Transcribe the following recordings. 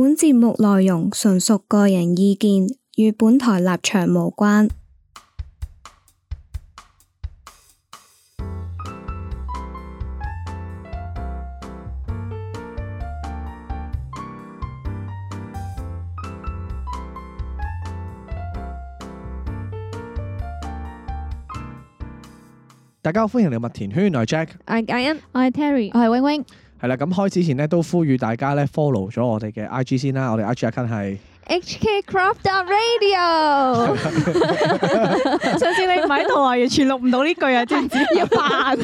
本節目內容純屬個人意見，與本台立場無關。大家好，歡迎嚟麥田圈，我係 Jack，我係嘉欣，我係 Terry，我係 WingWing 係啦，咁開始前咧，都呼籲大家咧 follow 咗我哋嘅 IG 先啦，我哋 IG account 係，HK Crop Radio，上次你唔喺台，完全錄唔到呢句啊！知唔知要扮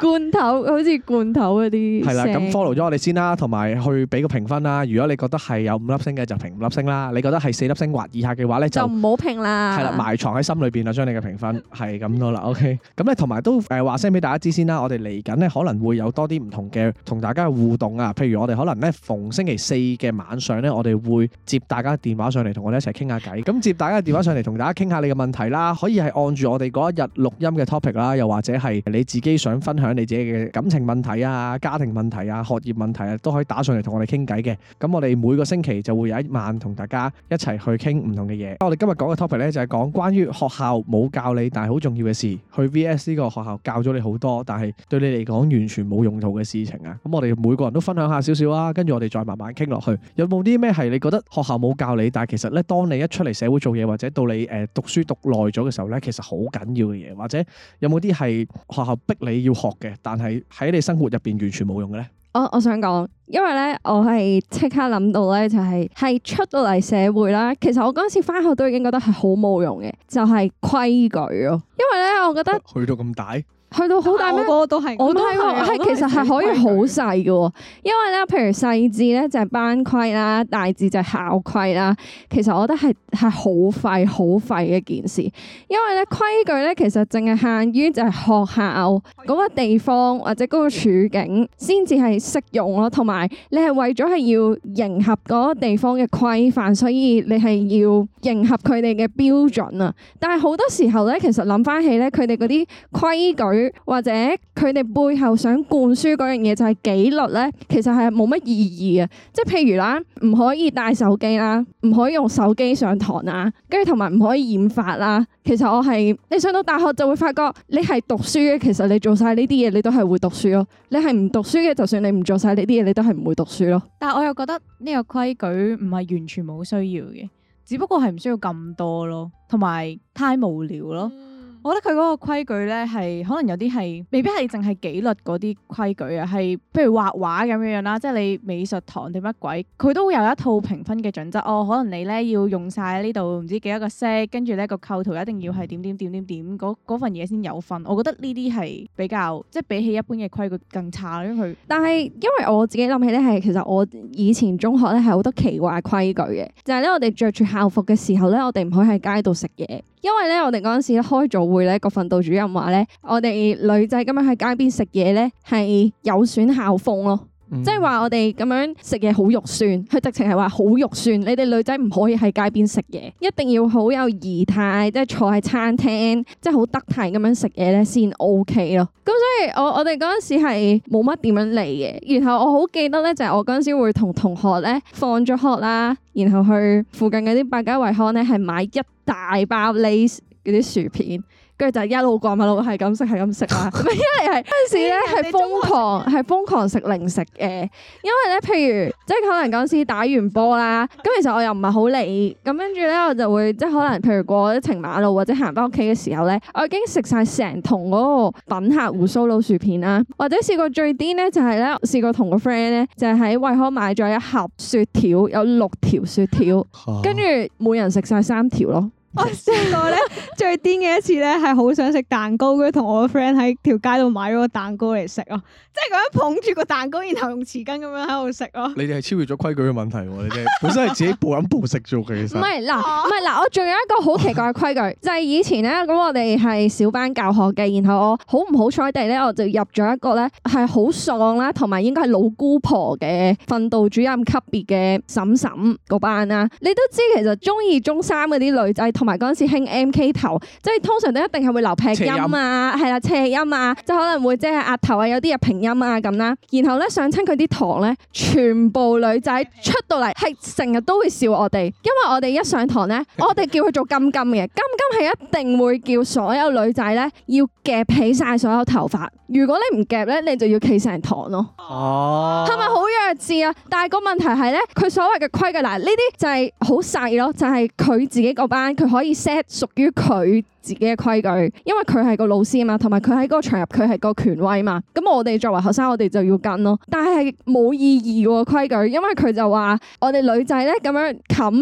罐頭，好似罐頭嗰啲。係啦，咁 follow 咗我哋先啦，同埋去俾個評分啦。如果你覺得係有五粒星嘅就評五粒星啦，你覺得係四粒星或以下嘅話咧就唔好評啦。係啦，埋藏喺心裏邊啊，將你嘅評分係咁多啦。OK，咁咧同埋都誒話聲俾大家知先啦。我哋嚟緊咧可能會有多啲唔同嘅同大家嘅互動啊。譬如我哋可能咧逢星期四嘅晚上咧，我哋會接大家。電話上嚟同我哋一齊傾下偈，咁接大家嘅電話上嚟同大家傾下你嘅問題啦，可以係按住我哋嗰一日錄音嘅 topic 啦，又或者係你自己想分享你自己嘅感情問題啊、家庭問題啊、學業問題啊，都可以打上嚟同我哋傾偈嘅。咁我哋每個星期就會有一晚同大家一齊去傾唔同嘅嘢。我哋今日講嘅 topic 咧就係講關於學校冇教你但係好重要嘅事，去 VS 呢個學校教咗你好多，但係對你嚟講完全冇用途嘅事情啊。咁我哋每個人都分享下少少啦，跟住我哋再慢慢傾落去。有冇啲咩係你覺得學校冇教？教你，但係其實咧，當你一出嚟社會做嘢，或者到你誒讀書讀耐咗嘅時候咧，其實好緊要嘅嘢，或者有冇啲係學校逼你要學嘅，但係喺你生活入邊完全冇用嘅咧？我我想講，因為咧、就是，我係即刻諗到咧，就係係出到嚟社會啦。其實我嗰陣時翻學都已經覺得係好冇用嘅，就係、是、規矩咯。因為咧，我覺得去到咁大。去到好大咩？個都係，我都係，係是其實係可以好細嘅。因為咧，譬如細字咧就係、是、班規啦，大字就係校規啦。其實我覺得係係好廢好廢嘅一件事，因為咧規矩咧其實淨係限於就係學校嗰個地方或者嗰個處境先至係適用咯，同埋你係為咗係要迎合嗰個地方嘅規範，所以你係要迎合佢哋嘅標準啊。但係好多時候咧，其實諗翻起咧，佢哋嗰啲規矩。或者佢哋背後想灌輸嗰樣嘢就係紀律咧，其實係冇乜意義嘅。即係譬如啦，唔可以帶手機啦，唔可以用手機上堂啊，跟住同埋唔可以染髮啦。其實我係你上到大學就會發覺，你係讀書嘅。其實你做晒呢啲嘢，你都係會讀書咯。你係唔讀書嘅，就算你唔做晒呢啲嘢，你都係唔會讀書咯。但係我又覺得呢個規矩唔係完全冇需要嘅，只不過係唔需要咁多咯，同埋太無聊咯。我覺得佢嗰個規矩呢，係可能有啲係未必係淨係紀律嗰啲規矩啊，係比如畫畫咁樣樣啦，即係你美術堂定乜鬼，佢都會有一套評分嘅準則。哦，可能你呢要用晒呢度唔知幾多個色，跟住呢個構圖一定要係點點點點點，嗰份嘢先有分。我覺得呢啲係比較即係比起一般嘅規矩更差，因為佢。但係因為我自己諗起呢，係其實我以前中學呢係好多奇怪規矩嘅，就係呢，我哋着住校服嘅時候呢，我哋唔可以喺街度食嘢。因為咧，我哋嗰陣時開早會咧，個訓導主任話咧，我哋女仔今日喺街邊食嘢呢，係有損校風咯。即係話我哋咁樣食嘢好肉酸，佢直情係話好肉酸。你哋女仔唔可以喺街邊食嘢，一定要好有儀態，即係坐喺餐廳，即係好得體咁樣食嘢咧先 OK 咯。咁所以我我哋嗰陣時係冇乜點樣嚟嘅。然後我好記得咧，就係、是、我嗰陣時會同同學咧放咗學啦，然後去附近嗰啲百佳惠康咧，係買一大包 lace 啲薯片。跟住就一路過馬路，係咁食，係咁食啦。唔係，一係嗰 時咧係瘋狂，係瘋狂食零食嘅。因為咧，譬如即係可能嗰時打完波啦，咁其實我又唔係好理。咁跟住咧，我就會即係可能，譬如過一程馬路或者行翻屋企嘅時候咧，我已經食晒成桶嗰個品客胡鬚佬薯片啦。或者試過最癲咧，就係咧試過同個 friend 咧，就喺惠康買咗一盒雪條，有六條雪條，跟住、啊、每人食晒三條咯。 我試過咧最癲嘅一次咧係好想食蛋糕，跟同我個 friend 喺條街度買咗個蛋糕嚟食咯，即係咁樣捧住個蛋糕，然後用匙羹咁樣喺度食咯。你哋係超越咗規矩嘅問題喎，你哋本身係自己暴飲暴食做嘅其實。唔係嗱，唔係嗱，我仲有一個好奇怪嘅規矩， 就係以前咧咁我哋係小班教學嘅，然後我好唔好彩地咧我就入咗一個咧係好喪啦，同埋應該係老姑婆嘅訓導主任級別嘅嬸嬸嗰班啦、啊。你都知其實中二、中三嗰啲女仔同埋嗰陣時興 M K 頭，即係通常都一定係會留劈音啊，係啦， 斜音啊，即係可能會即係額頭啊，有啲啊，平音啊咁啦。然後咧上親佢啲堂咧，全部女仔出到嚟係成日都會笑我哋，因為我哋一上堂咧，我哋叫佢做金金嘅， 金金係一定會叫所有女仔咧要夾起晒所有頭髮，如果你唔夾咧，你就要企成堂咯。哦、啊，係咪好弱智啊？但係個問題係咧，佢所謂嘅規格嗱，呢啲就係好細咯，就係、是、佢自己個班可以 set 屬於佢自己嘅規矩，因為佢係個老師啊嘛，同埋佢喺嗰個場入，佢係個權威啊嘛。咁我哋作為學生，我哋就要跟咯。但係冇意義嘅規矩，因為佢就話我哋女仔咧咁樣冚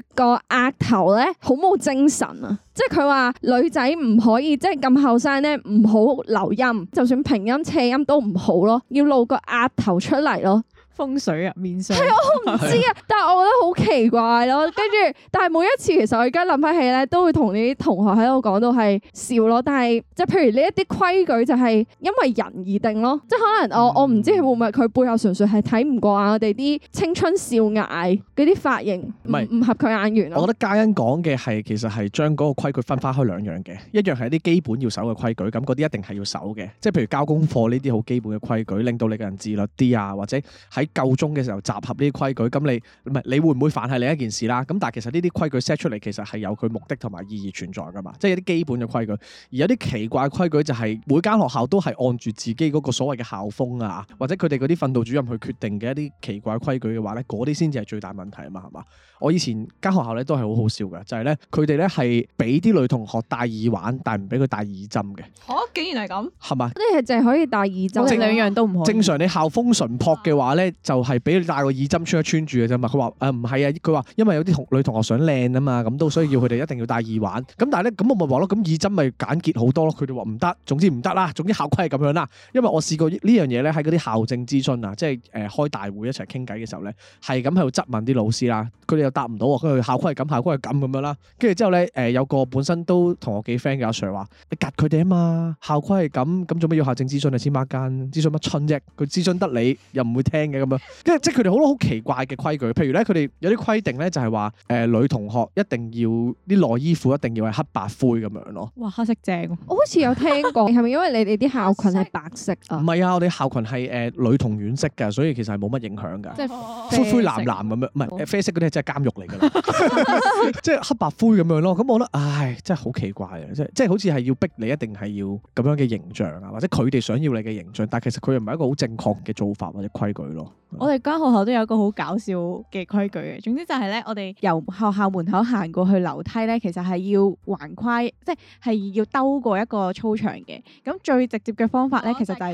住個額頭咧，好冇精神啊！即係佢話女仔唔可以即係咁後生咧，唔好留音，就算平音、斜音都唔好咯，要露個額頭出嚟咯。風水入面，係啊，我唔知啊，知 但係我覺得好奇怪咯。跟住，但係每一次其實我而家諗翻起咧，都會同啲同學喺度講到係笑咯。但係即係譬如呢一啲規矩就係因為人而定咯。即係可能我我唔知佢會唔會，佢背後純粹係睇唔過眼我哋啲青春少艾嗰啲髮型唔是合佢眼緣。我覺得嘉欣講嘅係其實係將嗰個規矩分返開兩樣嘅，一樣係一啲基本要守嘅規矩，咁嗰啲一定係要守嘅，即係譬如交功課呢啲好基本嘅規矩，令到你個人自律啲啊，或者喺夠鐘嘅時候集合呢啲規矩，咁你唔係你會唔會犯係另一件事啦？咁但係其實呢啲規矩 set 出嚟其實係有佢目的同埋意義存在㗎嘛，即係有啲基本嘅規矩，而有啲奇怪規矩就係每間學校都係按住自己嗰個所謂嘅校風啊，或者佢哋嗰啲訓導主任去決定嘅一啲奇怪規矩嘅話咧，嗰啲先至係最大問題啊嘛，係嘛？我以前間學校咧都係好好笑㗎，就係咧佢哋咧係俾啲女同學戴耳環，但係唔俾佢戴耳針嘅。嚇、哦！竟然係咁，係嘛吧？呢啲係淨係可以戴耳針，兩樣都唔好。正常你校風純朴嘅話咧。啊就係俾你戴個耳針穿一穿住嘅啫嘛，佢話，誒唔係啊，佢話、啊、因為有啲同女同學想靚啊嘛，咁都需要要佢哋一定要戴耳環。咁但係咧，咁我咪話咯，咁耳針咪簡潔好多咯。佢哋話唔得，總之唔得啦，總之校規係咁樣啦。因為我試過呢樣嘢咧，喺嗰啲校政諮詢啊，即係誒開大會一齊傾偈嘅時候咧，係咁喺度質問啲老師啦，佢哋又答唔到，佢校規係咁，校規係咁咁樣啦。跟住之後咧，誒有個本身都同我幾 friend 嘅阿 sir 話，你夾佢哋啊嘛，校規係咁，咁做乜要校政諮詢啊？千把間咨詢乜春啫，佢咨詢得你又唔會聽嘅。咁樣，因為即係佢哋好多好奇怪嘅規矩，譬如咧，佢哋有啲規定咧，就係話誒女同學一定要啲內衣褲一定要係黑白灰咁樣咯。哇，黑色正，我好似有聽過，係咪 因為你哋啲校裙係白色啊？唔係啊，我哋校裙係誒、呃、女童院色嘅，所以其實係冇乜影響㗎。即係是、呃、灰灰藍藍咁樣，唔係啡色嗰啲係真係監獄嚟㗎啦，哇 即係黑白灰咁樣咯。咁我覺得唉，真係好奇怪啊！即係即係好似係要逼你一定係要咁樣嘅形象啊，或者佢哋想要你嘅形象，但係其實佢又唔係一個好正確嘅做法或者規矩咯。我哋間學校都有一個好搞笑嘅規矩嘅，總之就係咧，我哋由學校門口行過去樓梯咧，其實係要橫規，即係要兜過一個操場嘅。咁最直接嘅方法咧，其實就係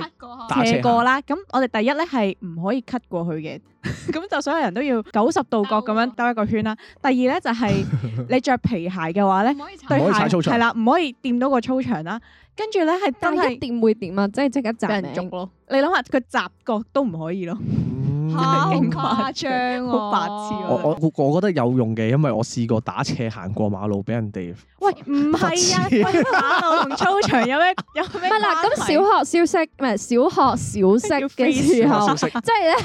斜過啦。咁我哋第一咧係唔可以 cut 過去嘅。 咁 就所有人都要九十度角咁樣兜一個圈啦。第二咧就係你着皮鞋嘅話咧，對鞋係啦，唔可以掂到個操場啦。跟住咧係，真但係掂會點啊？即係即刻俾人捉咯。你諗下，佢集角都唔可以咯。 好誇張，好白痴。我我我覺得有用嘅，因為我試過打斜行過馬路俾人哋。喂，唔係啊，馬路同操場有咩有咩關係？唔係啦，咁小學消息唔係小學小息嘅時候，即係咧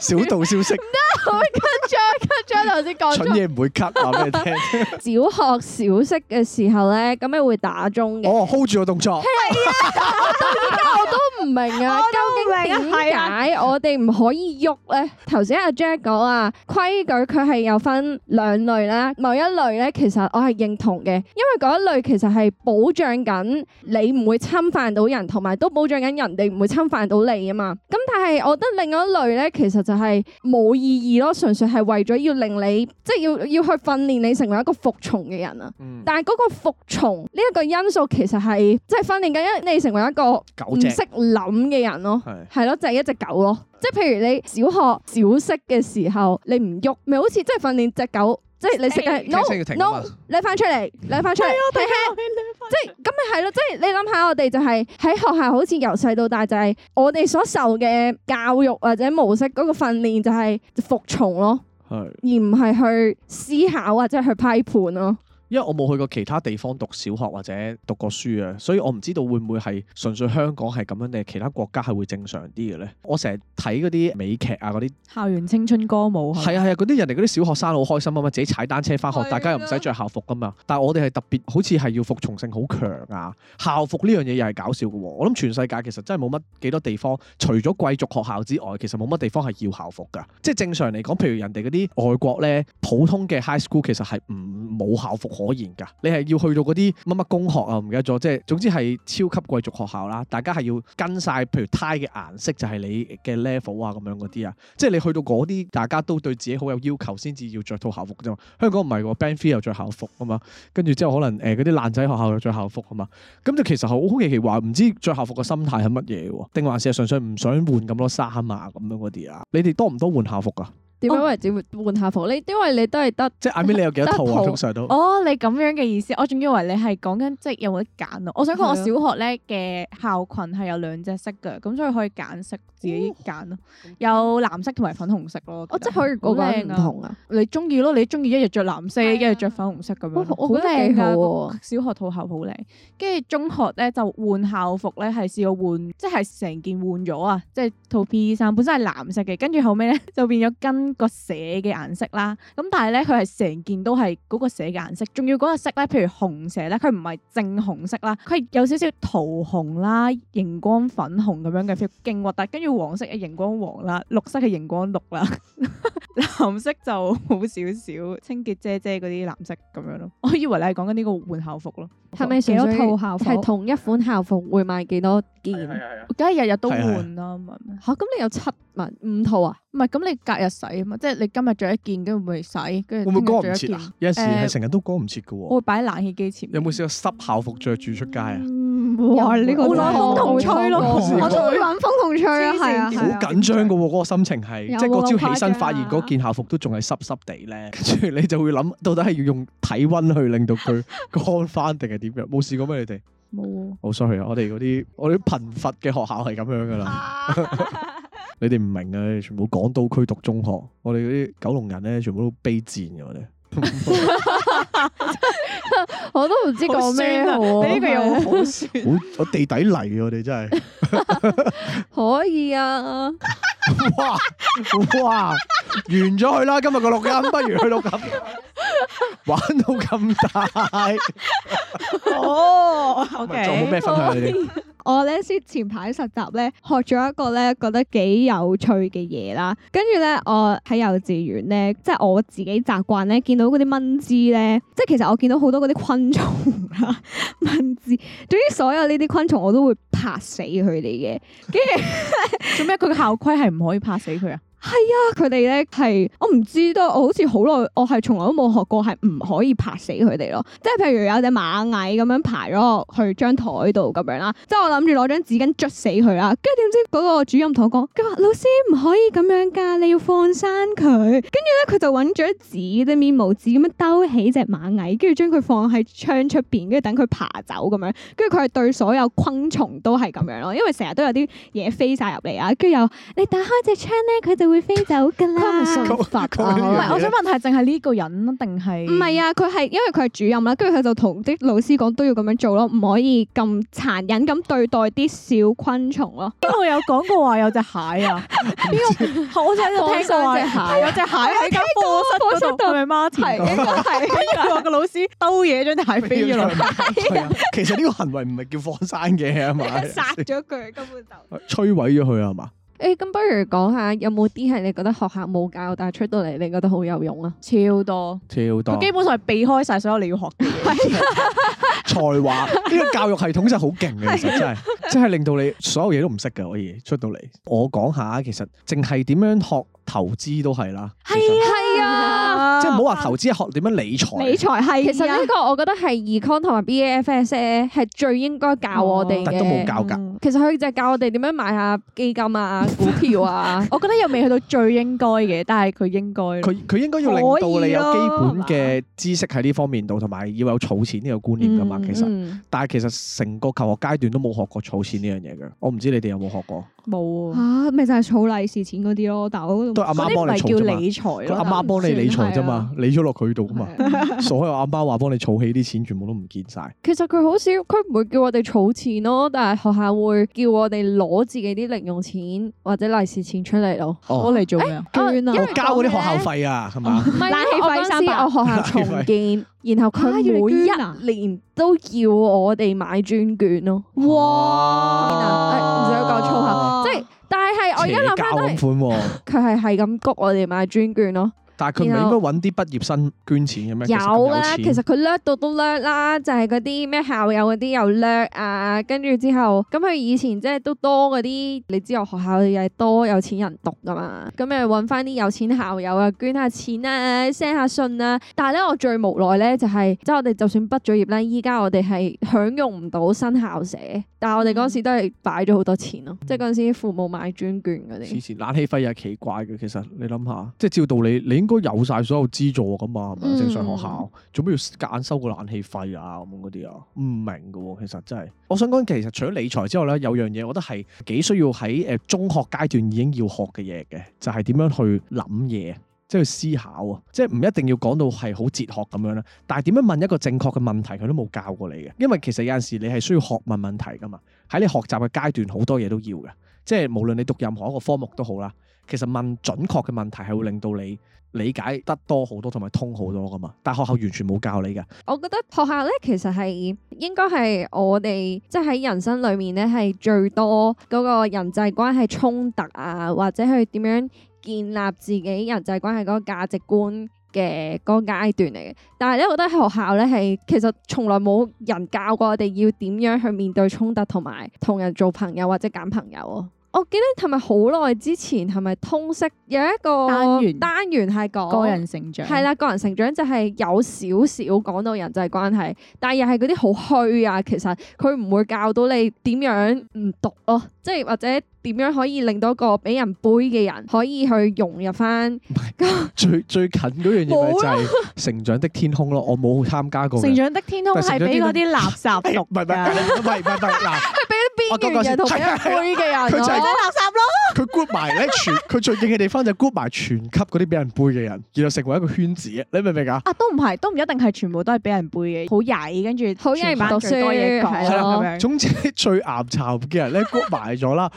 小道消息。唔得，緊張緊張頭先講咗。蠢嘢唔會咳啊！話俾你聽。小學小息嘅時候咧，咁樣會打鐘嘅。我 hold 住個動作。係啊，到依家我都唔明啊，究竟點解我哋唔可以？喐咧，頭先阿 Jack 講啊，規矩佢係有分兩類啦，某一類咧，其實我係認同嘅，因為嗰一類其實係保障緊你唔會侵犯到人，同埋都保障緊人哋唔會侵犯到你啊嘛。咁但係我覺得另一類咧，其實就係冇意義咯，純粹係為咗要令你，即係要要去訓練你成為一個服從嘅人啊。嗯、但係嗰個服從呢一個因素，其實係即係訓練緊你成為一個唔識諗嘅人咯。係咯、嗯，就係、係、一隻狗咯。即係譬如。你小學小息嘅時候，你唔喐，咪好似即係訓練隻狗，即係、就是、你食嘅。no no，你翻出嚟，你翻出嚟，即係咁咪係咯，即係你諗下，我哋就係喺學校，好似由細到大就係我哋所受嘅教育或者模式嗰個訓練就係服從咯，而唔係去思考或者去批判咯。因為我冇去過其他地方讀小學或者讀過書啊，所以我唔知道會唔會係純粹香港係咁樣定其他國家係會正常啲嘅咧。我成日睇嗰啲美劇啊，嗰啲校園青春歌舞係啊係啊，嗰啲、啊、人哋嗰啲小學生好開心啊嘛，自己踩單車翻學，的大家又唔使着校服㗎、啊、嘛。但係我哋係特別好似係要服從性好強啊，校服呢樣嘢又係搞笑嘅喎、啊。我諗全世界其實真係冇乜幾多地方，除咗貴族學校之外，其實冇乜地方係要校服㗎。即係正常嚟講，譬如人哋嗰啲外國咧，普通嘅 high school 其實係唔冇校服。可言噶，你係要去到嗰啲乜乜工學啊？唔記得咗，即係總之係超級貴族學校啦。大家係要跟晒，譬如胎嘅顏色就係你嘅 level 啊，咁樣嗰啲啊。即係你去到嗰啲，大家都對自己好有要求，先至要着套校服啫。香港唔係喎，Band Three 又着校服啊嘛。跟住之後可能誒嗰啲爛仔學校又着校服啊嘛。咁就其實好好奇奇話，唔知着校服嘅心態係乜嘢？定還是係純粹唔想換咁多衫啊？咁樣嗰啲啊？你哋多唔多換校服啊？點樣為止換校服？你、哦、因為你都係得，即係 I mean 你有幾多套啊？ 通常都哦，你咁樣嘅意思。 我仲以為你係講緊即係有冇得揀啊？ 我想講我小學咧嘅校裙係有兩隻色㗎，咁 所以可以揀色。自己揀咯，有藍色同埋粉紅色咯。我、哦、即係嗰個唔同啊！你中意咯，你中意一日着藍色，啊、一日着粉紅色咁樣、哦。我覺得好喎、啊。小學套校服好靚，跟住中學咧就換校服咧，係試過換，即係成件換咗啊！即係套 P.E. 衫本身係藍色嘅，跟住後尾咧就變咗跟個社嘅顏色啦。咁但係咧佢係成件都係嗰個社嘅顏色，仲要嗰個色咧，譬如紅社咧，佢唔係正紅色啦，佢係有少少桃紅啦、熒光粉紅咁樣嘅 feel，勁核突。跟住。黃色嘅熒光黃啦，綠色嘅熒光綠啦， 藍色就好少少，清潔姐姐嗰啲藍色咁樣咯。我以為你係講緊呢個換校服咯，係咪成多套校服？係同一款校服會買幾多件？梗係日日都換啦，吓咁的是、啊、你有七萬五套啊？唔係咁你隔日洗啊嘛，即係你今日着一件，跟住嚟洗，跟住會唔會乾唔切啊？有時係成日都乾唔切噶。呃、我會擺喺冷氣機前面。有冇試過濕校服着住出街啊？嗯哇！呢個我會揾風同吹咯，我就會揾風同吹啊，係啊，好緊張噶喎，嗰個心情係，即係嗰朝起身發現嗰件校服都仲係濕濕哋咧，跟住你就會諗，到底係要用體温去令到佢乾翻定係點樣？冇試過咩？你哋冇啊？好 sorry 啊，我哋嗰啲我哋啲貧乏嘅學校係咁樣噶啦，你哋唔明啊？全部港島區讀中學，我哋嗰啲九龍人咧，全部都悲賤我哋！ 我都唔知講咩呢句又好 好，我地底嚟嘅我哋真係 可以啊！哇哇，完咗佢啦！今日個錄音不如去錄音， 玩到咁大哦！咁、 oh, okay. 啊，仲冇咩分享，你哋？我咧先前排實習咧學咗一個咧覺得幾有趣嘅嘢啦，跟住咧我喺幼稚園咧，即係我自己習慣咧，見到嗰啲蚊滋咧，即係其實我見到好多嗰啲昆蟲啦， 蚊滋，總之所有呢啲昆蟲我都會拍死佢哋嘅。跟住做咩？佢嘅校規係唔可以拍死佢啊？係啊，佢哋咧係我唔知道，我好似好耐，我係從來都冇學過係唔可以拍死佢哋咯。即係譬如有隻螞蟻咁樣爬咗去張枱度咁樣啦，即係我諗住攞張紙巾捽死佢啦。跟住點知嗰個主任同我講，佢話老師唔可以咁樣㗎，你要放生佢。跟住咧佢就揾咗紙，啲面毛紙咁樣兜起隻螞蟻，跟住將佢放喺窗出邊，跟住等佢爬走咁樣。跟住佢係對所有昆蟲都係咁樣咯，因為成日都有啲嘢飛晒入嚟啊。跟住又你打開隻窗咧，佢就～會飛走噶啦，唔係，我想問，係淨係呢個人，定係？唔係啊，佢係，因為佢係主任啦，跟住佢就同啲老師講都要咁樣做咯，唔可以咁殘忍咁對待啲小昆蟲咯。咁我有講過話有隻蟹啊？邊個？我就喺度聽講有隻蟹，有隻蟹喺間課室度，係咪 Martin？係，跟住話個老師兜嘢將隻蟹飛咗落去。其實呢個行為唔係叫放生嘅啊嘛，殺咗佢根本就摧毀咗佢啊嘛。誒咁，欸、不如講下有冇啲係你覺得學校冇教，但係出到嚟你覺得好有用啊？超多，超多，基本上係避開晒所有你要學嘅才 華。呢、呢個教育系統真係好勁嘅， 其實真係，真係令到你所有嘢都唔識㗎可以出到嚟。我講下其實，淨係點樣學投資都係啦。係啊，係實啊。即係唔好話投資，學點樣理財，理財係。其實呢個我覺得係 Econ 同埋 BAFS 係最應該教我哋、哦、但都冇教噶、嗯。其實佢就係教我哋點樣買下基金啊、股票啊。 我覺得又未去到最應該嘅，但係佢應該。佢佢應該要令到你有基本嘅知識喺呢方面度，同埋要有儲錢呢個觀念噶嘛。其實，嗯嗯、但係其實成個求學階段都冇學過儲錢呢樣嘢嘅。我唔知你哋有冇學過？冇啊！咪就係儲利是錢嗰啲咯，但係我都都係阿媽幫你儲啫嘛。唔叫理財啦，阿媽幫你理財啫嘛，理咗落佢度噶嘛。傻閪阿媽話幫你儲起啲錢，全部都唔見晒。其實佢好少，佢唔會叫我哋儲錢咯，但係學校會叫我哋攞自己啲零用錢或者利是錢出嚟攞，攞嚟做咩？捐啊！我交嗰啲學校費啊，係嘛？冷氣費三百，我學校重建。然後佢每一年都要我哋買專卷咯，哇！唔想講粗口，啊、即係，但係我而家諗翻，佢係係咁谷我哋買專券咯。但係佢唔係應該揾啲畢業生捐錢嘅咩？有啦、啊，其實佢叻到都叻啦，就係嗰啲咩校友嗰啲又叻啊，跟住之後，咁佢以前即係都多嗰啲，你知我學校又係多有錢人讀噶嘛，咁又揾翻啲有錢校友啊捐下錢啊，send 下信啊。但係咧，我最無奈咧就係、是，即、就、係、是、我哋就算畢咗業咧，依家我哋係享用唔到新校舍，但係我哋嗰時都係擺咗好多錢咯，嗯、即係嗰陣時父母買磚券嗰啲。嗯、以前冷氣費又係奇怪嘅，其實你諗下，即係照道理你應該有晒所有資助噶嘛，係咪、嗯、正常學校做咩要夾硬收個冷氣費啊？咁嗰啲啊，唔明噶。其實真係，我想講其實除咗理財之外咧，有樣嘢我覺得係幾需要喺誒中學階段已經要學嘅嘢嘅，就係、是、點樣去諗嘢，即係思考啊，即係唔一定要講到係好哲學咁樣啦。但係點樣問一個正確嘅問題，佢都冇教過你嘅。因為其實有陣時你係需要學問問題噶嘛，喺你學習嘅階段好多嘢都要噶，即係無論你讀任何一個科目都好啦。其實問準確嘅問題係會令到你理解得多好多，同埋通好多噶嘛。但係學校完全冇教你噶。我覺得學校咧，其實係應該係我哋即係喺人生裏面咧，係最多嗰個人際關係衝突啊，或者去點樣建立自己人際關係嗰個價值觀嘅嗰個階段嚟嘅。但係咧，我覺得喺學校咧係其實從來冇人教過我哋要點樣去面對衝突，同埋同人做朋友或者揀朋友啊。我記得係咪好耐之前係咪通識有一個單元單元係講個，個人成長係啦，個人成長就係有少少講到人際關係，但又係嗰啲好虛啊，其實佢唔會教到你點樣唔讀咯，啊、即係或者。點樣可以令到個俾人背嘅人可以去融入翻？最最近嗰樣嘢咪就係成長的天空咯，我冇參加過。成長的天空係俾嗰啲垃圾，唔俾啲邊緣人同埋俾人背嘅人。佢就垃圾咯。佢 group 埋咧，全佢最勁嘅地方就 group 埋全級嗰啲俾人背嘅人，然後成為一個圈子。你明唔明啊？啊，都唔係，都唔一定係全部都係俾人背嘅，好曳，跟住好多嘢講，總之最岩巢嘅人咧 group 埋咗啦，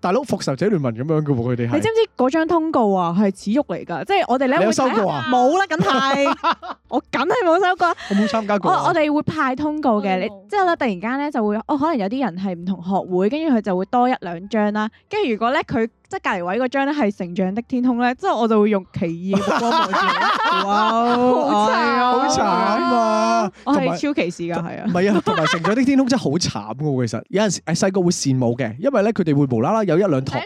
大佬復仇者聯盟咁樣噶喎，佢哋係你知唔知嗰張通告啊係恥辱嚟㗎？即係我哋咧冇收過啊？冇啦，梗係 我梗係冇收過。我冇參加過。我哋會派通告嘅，哎、呦你即係咧突然間咧就會哦，可能有啲人係唔同學會，跟住佢就會多一兩張啦。跟住如果咧佢。即係隔籬位嗰張咧，係《成長的天空》咧，即係我就會用歧義嘅目光睇，哇，好慘啊，我係超歧視噶，係啊，唔係啊，同埋《成長的天空》真係好慘噶，其實有陣時誒細個會羨慕嘅，因為咧佢哋會無啦啦有一兩堂，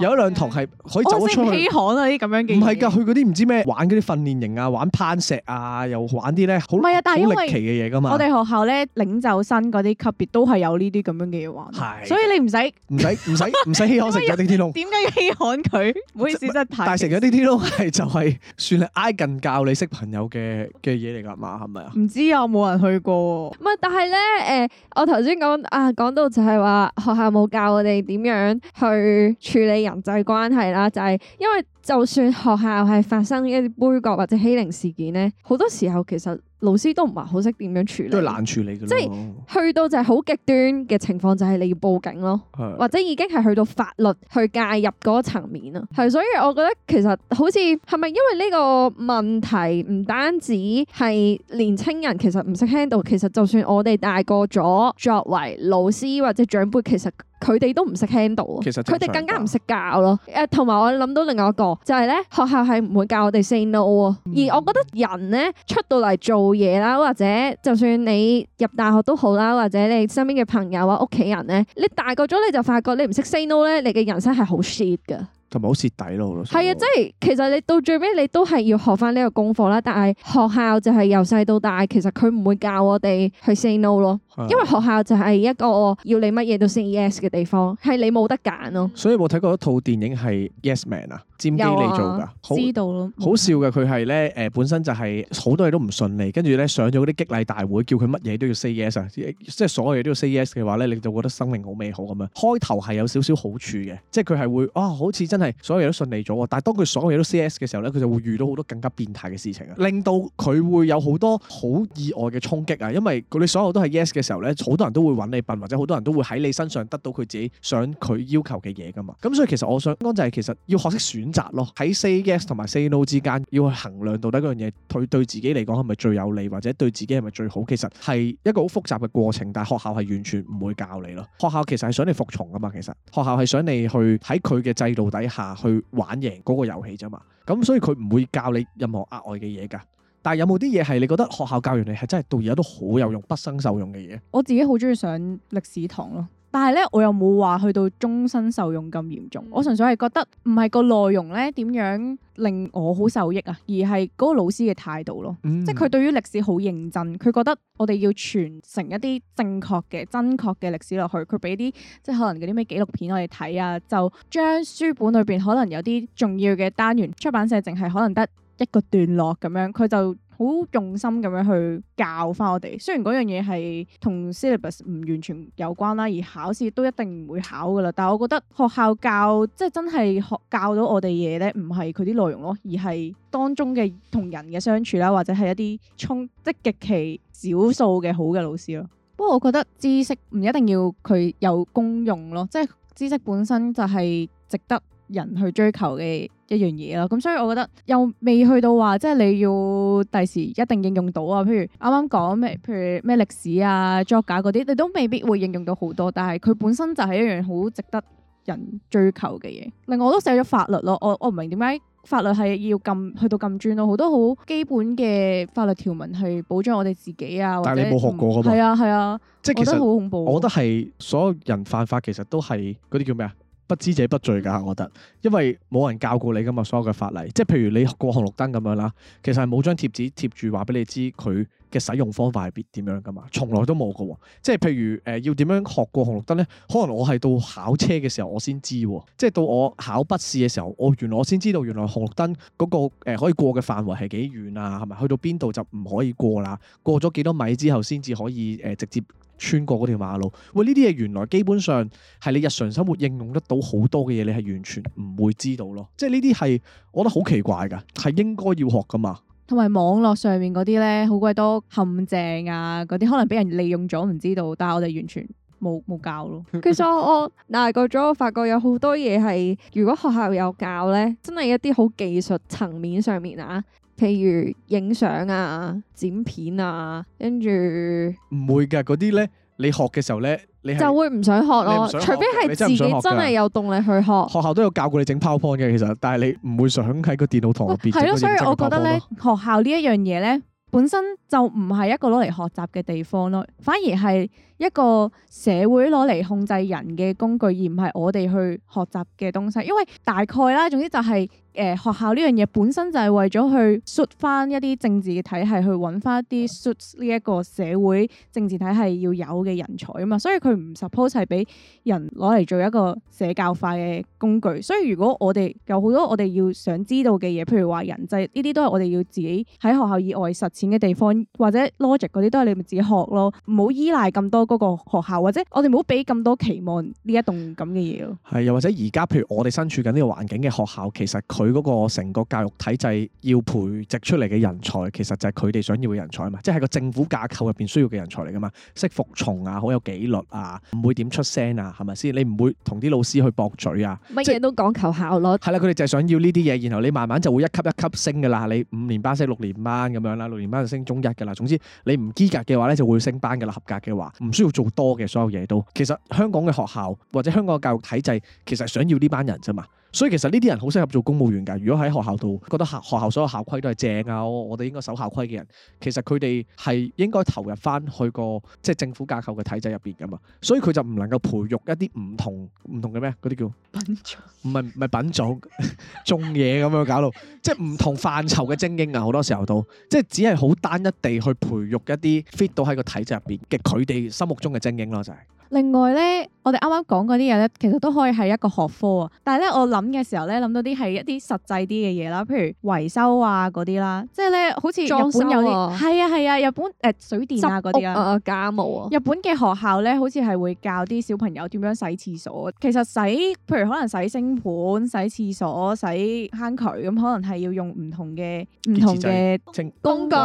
有一兩堂係可以走出去，稀罕啊！啲咁樣嘅，唔係噶，去嗰啲唔知咩玩嗰啲訓練營啊，玩攀石啊，又玩啲咧，好歷奇嘅嘢㗎嘛！我哋學校咧，領袖生嗰啲級別都係有呢啲咁樣嘅嘢玩，所以你唔使唔使唔使唔使稀罕《成長的天空》。稀罕佢，唔 好意思，真係睇。太大成咗呢啲都係 就係算係挨近教你識朋友嘅嘅嘢嚟㗎嘛，係咪啊？唔知有冇人去過。唔係，但係咧，誒、呃，我頭先講啊，講到就係話學校冇教我哋點樣去處理人際關係啦，就係、是、因為。就算學校係發生一啲杯葛或者欺凌事件咧，好多時候其實老師都唔係好識點樣處理，都係難處理嘅。即係去到就係好極端嘅情況，就係、是、你要報警咯，的或者已經係去到法律去介入嗰個層面咯。係，所以我覺得其實好似係咪因為呢個問題唔單止係年青人其實唔識 handle，其實就算我哋大個咗，作為老師或者長輩，其實。佢哋都唔識 handle 囉，其實，佢哋更加唔識教咯。誒，同埋我諗到另外一個，就係咧學校係唔會教我哋 say no 啊、嗯。而我覺得人咧出到嚟做嘢啦，或者就算你入大學都好啦，或者你身邊嘅朋友啊、屋企人咧，你大個咗你就發覺你唔識 say no 咧，你嘅人生係好 shit 噶，同埋好蝕底咯，好多。係啊，即係其實你到最尾你都係要學翻呢個功課啦，但係學校就係由細到大，其實佢唔會教我哋去 say no 咯。因為學校就係一個要你乜嘢都 say yes 嘅地方，係你冇得揀咯。所以我睇過一套電影係 Yes Man 啊，佔基利做噶，啊、好知道咯。好笑嘅佢係咧，誒、呃、本身就係好多嘢都唔順利，跟住咧上咗啲激勵大會，叫佢乜嘢都要 say yes，啊。即係所有嘢都要 say yes 嘅話咧，你就覺得生命好美好咁樣。開頭係有少少好處嘅，即係佢係會啊、哦，好似真係所有嘢都順利咗。但係當佢所有嘢都 say yes 嘅時候咧，佢就會遇到好多更加變態嘅事情啊，令到佢會有好多好意外嘅衝擊啊，因為佢哋所有都係 yes 嘅。時候咧，好多人都會揾你笨，或者好多人都會喺你身上得到佢自己想佢要求嘅嘢噶嘛。咁所以其實我想講就係，其實要學識選擇咯，喺 say yes 同埋 say no 之間，要去衡量到底嗰樣嘢對對自己嚟講係咪最有利，或者對自己係咪最好。其實係一個好複雜嘅過程，但係學校係完全唔會教你咯。學校其實係想你服從噶嘛，其實學校係想你去喺佢嘅制度底下去玩贏嗰個遊戲啫嘛。咁所以佢唔會教你任何額外嘅嘢噶。但係有冇啲嘢係你覺得學校教完你係真係到而家都好有用、畢生受用嘅嘢？我自己好中意上歷史堂咯，但係咧我又冇話去到終身受用咁嚴重。我純粹係覺得唔係個內容咧點樣令我好受益啊，而係嗰個老師嘅態度咯，嗯、即係佢對於歷史好認真，佢覺得我哋要傳承一啲正確嘅、真確嘅歷史落去。佢俾啲即係可能嗰啲咩紀錄片我哋睇啊，就將書本裏邊可能有啲重要嘅單元，出版社淨係可能得。一個段落咁樣，佢就好用心咁樣去教翻我哋。雖然嗰樣嘢係同 syllabus 唔完全有關啦，而考試都一定唔會考噶啦。但係我覺得學校教即係、就是、真係學教到我哋嘢咧，唔係佢啲內容咯，而係當中嘅同人嘅相處啦，或者係一啲即係極其少數嘅好嘅老師咯。不過 我覺得知識唔一定要佢有功用咯，即、就、係、是、知識本身就係值得人去追求嘅一樣嘢咯，咁所以我覺得又未去到話，即係你要第時一定應用到啊。譬如啱啱講咩，譬如咩歷史啊、作假嗰啲，你都未必會應用到好多。但係佢本身就係一樣好值得人追求嘅嘢。另外我都寫咗法律咯，我我唔明點解法律係要咁去到咁專咯，好多好基本嘅法律條文去保障我哋自己、嗯、啊。但係你冇學過係啊係啊，啊即係其實我覺得好恐怖。我覺得係所有人犯法其實都係嗰啲叫咩啊？不知者不罪噶，我覺得，因為冇人教過你噶嘛，所有嘅法例，即係譬如你過紅綠燈咁樣啦，其實係冇張貼紙貼住話俾你知佢嘅使用方法係點樣噶嘛，從來都冇噶，即係譬如誒、呃、要點樣學過紅綠燈呢？可能我係到考車嘅時候我先知，即係到我考筆試嘅時候，我原來我先知道原來紅綠燈嗰個誒可以過嘅範圍係幾遠啊，係咪？去到邊度就唔可以過啦，過咗幾多米之後先至可以誒、呃、直接。穿過嗰條馬路。喂，呢啲嘢原來基本上係你日常生活應用得到好多嘅嘢，你係完全唔會知道咯。即係呢啲係，我覺得好奇怪㗎，係應該要學㗎嘛。同埋網絡上面嗰啲呢，好鬼多陷阱啊，嗰啲可能俾人利用咗唔知道，但係我哋完全。冇冇教咯。其實我大個咗，我發覺有好多嘢係，如果學校有教咧，真係一啲好技術層面上面啊，譬如影相啊、剪片啊，跟住唔會㗎嗰啲咧，你學嘅時候咧，你就會唔想學咯。除非係自己真係有動力去學。學校都有教過你整 PowerPoint 嘅，其實，但係你唔會想喺個電腦堂入邊。係咯，所以我覺得咧，學校呢一樣嘢咧。本身就唔係一個攞嚟學習嘅地方咯，反而係一個社會攞嚟控制人嘅工具，而唔係我哋去學習嘅東西。因為大概啦，總之就係、是。誒，學校呢樣嘢本身就係為咗去 shoot 翻一啲政治嘅體系，去揾翻一啲 shoot 呢一個社會政治體系要有嘅人才啊嘛，所以佢唔 suppose 係俾人攞嚟做一個社教化嘅工具。所以如果我哋有好多我哋要想知道嘅嘢，譬如話人際呢啲都係我哋要自己喺學校以外實踐嘅地方，或者 logic 嗰啲都係你咪自己學咯，唔好依賴咁多嗰個學校，或者我哋唔好俾咁多期望呢一棟咁嘅嘢咯。係，又或者而家譬如我哋身處緊呢個環境嘅學校，其實佢佢嗰個成個教育體制要培植出嚟嘅人才，其實就係佢哋想要嘅人才嘛，即係個政府架構入邊需要嘅人才嚟噶嘛，識服從啊，好有紀律啊，唔會點出聲啊，係咪先？你唔會同啲老師去駁嘴啊，乜嘢都講求效率。係啦，佢哋就係想要呢啲嘢，然後你慢慢就會一級一級升噶啦，你五年班升六年班咁樣啦，六年班就升中一噶啦。總之你唔資格嘅話咧，就會升班噶啦，合格嘅話唔需要做多嘅所有嘢都。其實香港嘅學校或者香港教育體制，其實想要呢班人啫嘛。所以其實呢啲人好適合做公務員㗎。如果喺學校度覺得校學校所有校規都係正啊，我哋應該守校規嘅人，其實佢哋係應該投入翻去個即係政府架構嘅體制入邊㗎嘛。所以佢就唔能夠培育一啲唔同唔同嘅咩嗰啲叫品種，唔係唔係品種 種嘢咁樣搞到，即係唔同範疇嘅精英啊。好多時候都即係只係好單一地去培育一啲 fit 到喺個體制入邊嘅佢哋心目中嘅精英咯、啊，就係、是。另外咧，我哋啱啱講嗰啲嘢咧，其實都可以係一個學科啊。但係咧，我諗嘅時候咧，諗到啲係一啲實際啲嘅嘢啦，譬如維修啊嗰啲啦，即係咧好似日本有啲，裝修啊。係啊係啊,啊，日本誒、欸、水電啊嗰啲啦、呃，家務啊。日本嘅學校咧，好似係會教啲小朋友點樣洗廁所。其實洗，譬如可能洗星盆、洗廁所、洗坑渠咁，可能係要用唔同嘅唔同嘅工具，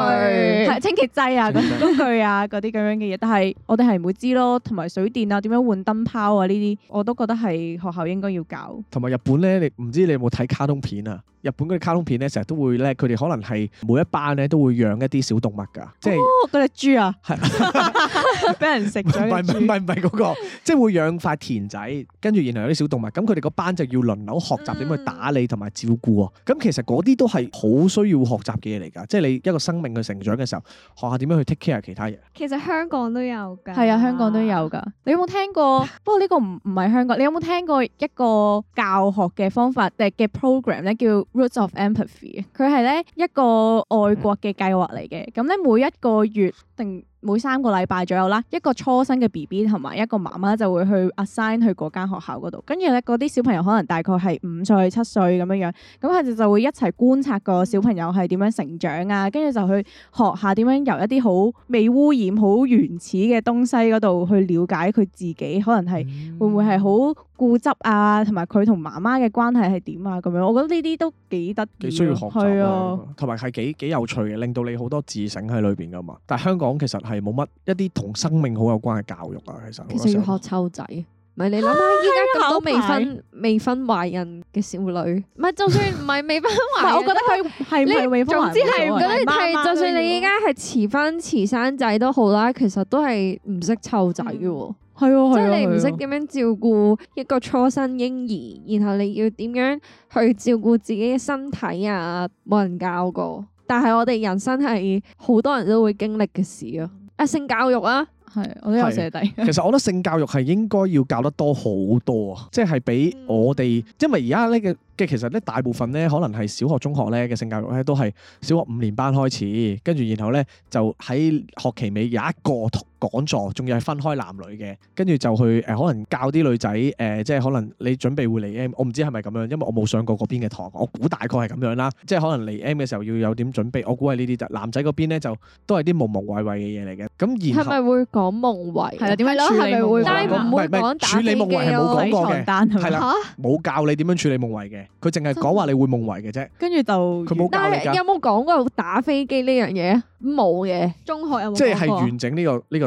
清潔劑啊嗰啲工具啊嗰啲咁樣嘅嘢。但係我哋係唔會知咯，同埋水。點樣換燈泡啊？呢啲我都覺得係學校應該要搞。同埋日本咧，你唔知你有冇睇卡通片啊？日本嗰啲卡通片咧，成日都會咧，佢哋可能係每一班咧都會養一啲小動物㗎，哦、即係嗰隻豬啊，係俾 人食。唔係唔係唔係嗰個， 即係會養塊田仔，跟住然後有啲小動物。咁佢哋嗰班就要輪流學習點去打理同埋照顧。咁、嗯、其實嗰啲都係好需要學習嘅嘢嚟㗎，即係你一個生命去成長嘅時候，學下點樣去 take care 其他嘢。其實香港都有㗎，係啊，香港都有㗎。你有冇聽過？ 不過呢個唔唔係香港。你有冇聽過一個教學嘅方法嘅 program 咧，叫？Roots of Empathy，佢係咧一個外國嘅計劃嚟嘅，咁咧每一個月定。每三個禮拜左右啦，一個初生嘅 B B 同埋一個媽媽就會去 assign 去嗰間學校嗰度，跟住咧嗰啲小朋友可能大概係五歲七歲咁樣樣，咁佢哋就會一齊觀察個小朋友係點樣成長啊，跟住就去學下點樣由一啲好未污染、好原始嘅東西嗰度去了解佢自己，可能係會唔會係好固執啊，同埋佢同媽媽嘅關係係點啊咁樣。我覺得呢啲都幾得幾需要學習啊，同埋係幾幾有趣嘅，令到你好多自省喺裏邊噶嘛。但係香港其實～係冇乜一啲同生命好有關嘅教育啊，其實我其實要學湊仔，唔係、啊、你諗下，依家咁多未婚、啊、未婚懷孕嘅少女，唔係就算唔係未婚懷孕， 是我覺得佢係你總之你唔覺得係就算你依家係遲婚遲生仔都好啦，其實都係唔識湊仔嘅，係即係你唔識點樣照顧一個初生嬰兒，然後你要點樣去照顧自己嘅身體啊，冇人教過，但係我哋人生係好多人都會經歷嘅事咯、啊。啊，性教育啊，係我都有寫低。其實我覺得性教育係應該要教得多好多啊，即、就、係、是、比我哋，嗯、因為而家呢嘅嘅其實呢大部分咧，可能係小學、中學咧嘅性教育咧都係小學五年班開始，跟住然後咧就喺學期尾有一個講座仲要係分開男女嘅，跟住就去誒可能教啲女仔誒，即係可能你準備會嚟 M，我唔知係咪咁樣，因為我冇上過嗰邊嘅堂，我估大概係咁樣啦，即係可能嚟 M 嘅時候要有點準備，我估係呢啲就男仔嗰邊咧就都係啲朦朦圍圍嘅嘢嚟嘅。咁然係咪會講夢遺？係啊，點解處理單唔會講打飛機嘅牀單？係啦，冇教你點樣處理夢遺嘅，佢淨係講話你會夢遺嘅啫。跟住就佢冇教你。有冇講過打飛機呢樣嘢啊？冇嘅，中學有冇？即係完整呢個呢個。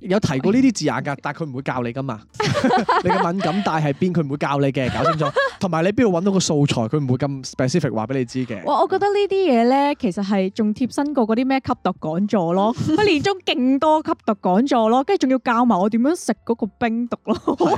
有提過呢啲字眼㗎，但係佢唔會教你㗎嘛。 你嘅敏感帶係邊，佢唔會教你嘅，搞清楚。同埋你邊度揾到個素材，佢唔會咁 specific 話俾你知嘅。哇，我覺得呢啲嘢咧，其實係仲貼身過嗰啲咩吸毒講座咯。佢年 中勁多吸毒講座咯，跟住仲要教埋我點樣食嗰個冰毒咯。好笑。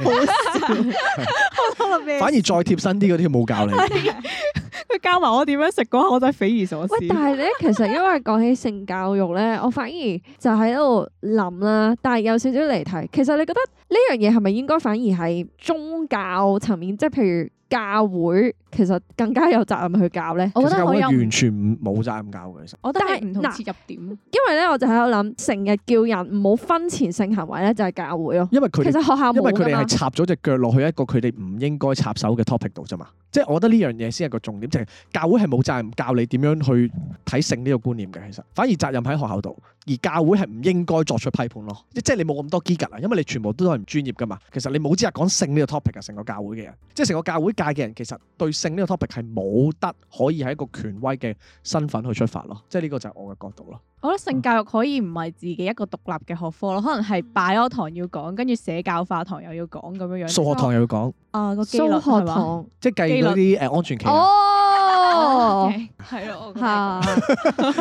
反而再貼身啲嗰啲冇教你。佢教埋我點樣食嗰，我真係匪夷所思。喂，但係咧，其實因為講起性教育咧，我反而就喺度諗啦。但係有少少離題，其實你覺得呢樣嘢係咪應該反而係宗教層面，即係譬如教會其實更加有責任去教咧？我覺得教會完全冇責任教嘅，其實。我覺得係唔同切入點。因為咧，那為我就喺度諗，成日叫人唔好婚前性行為咧，就係教會咯。因為佢其實學校因為佢哋係插咗隻腳落去一個佢哋唔應該插手嘅 topic 度啫嘛。即係我覺得呢樣嘢先係個重點，就係教會係冇責任教你點樣去睇性呢個觀念嘅，其實反而責任喺學校度，而教會係唔應該作出批判咯。即係你冇咁多資格啊，因為你全部都都係唔專業噶嘛。其實你冇資格講性呢個 topic 啊，成個教會嘅人，即係成個教會界嘅人，其實對性呢個 topic 係冇得可以喺一個權威嘅身份去出發咯。即係呢個就係我嘅角度咯。我覺得性教育可以唔係自己一個獨立嘅學科咯，嗯、可能係 Bio 堂要講，跟住社教化堂又要講咁樣樣，數學堂又要講啊個數學堂即係計。呢啲誒安全期哦，係咯 ，嚇，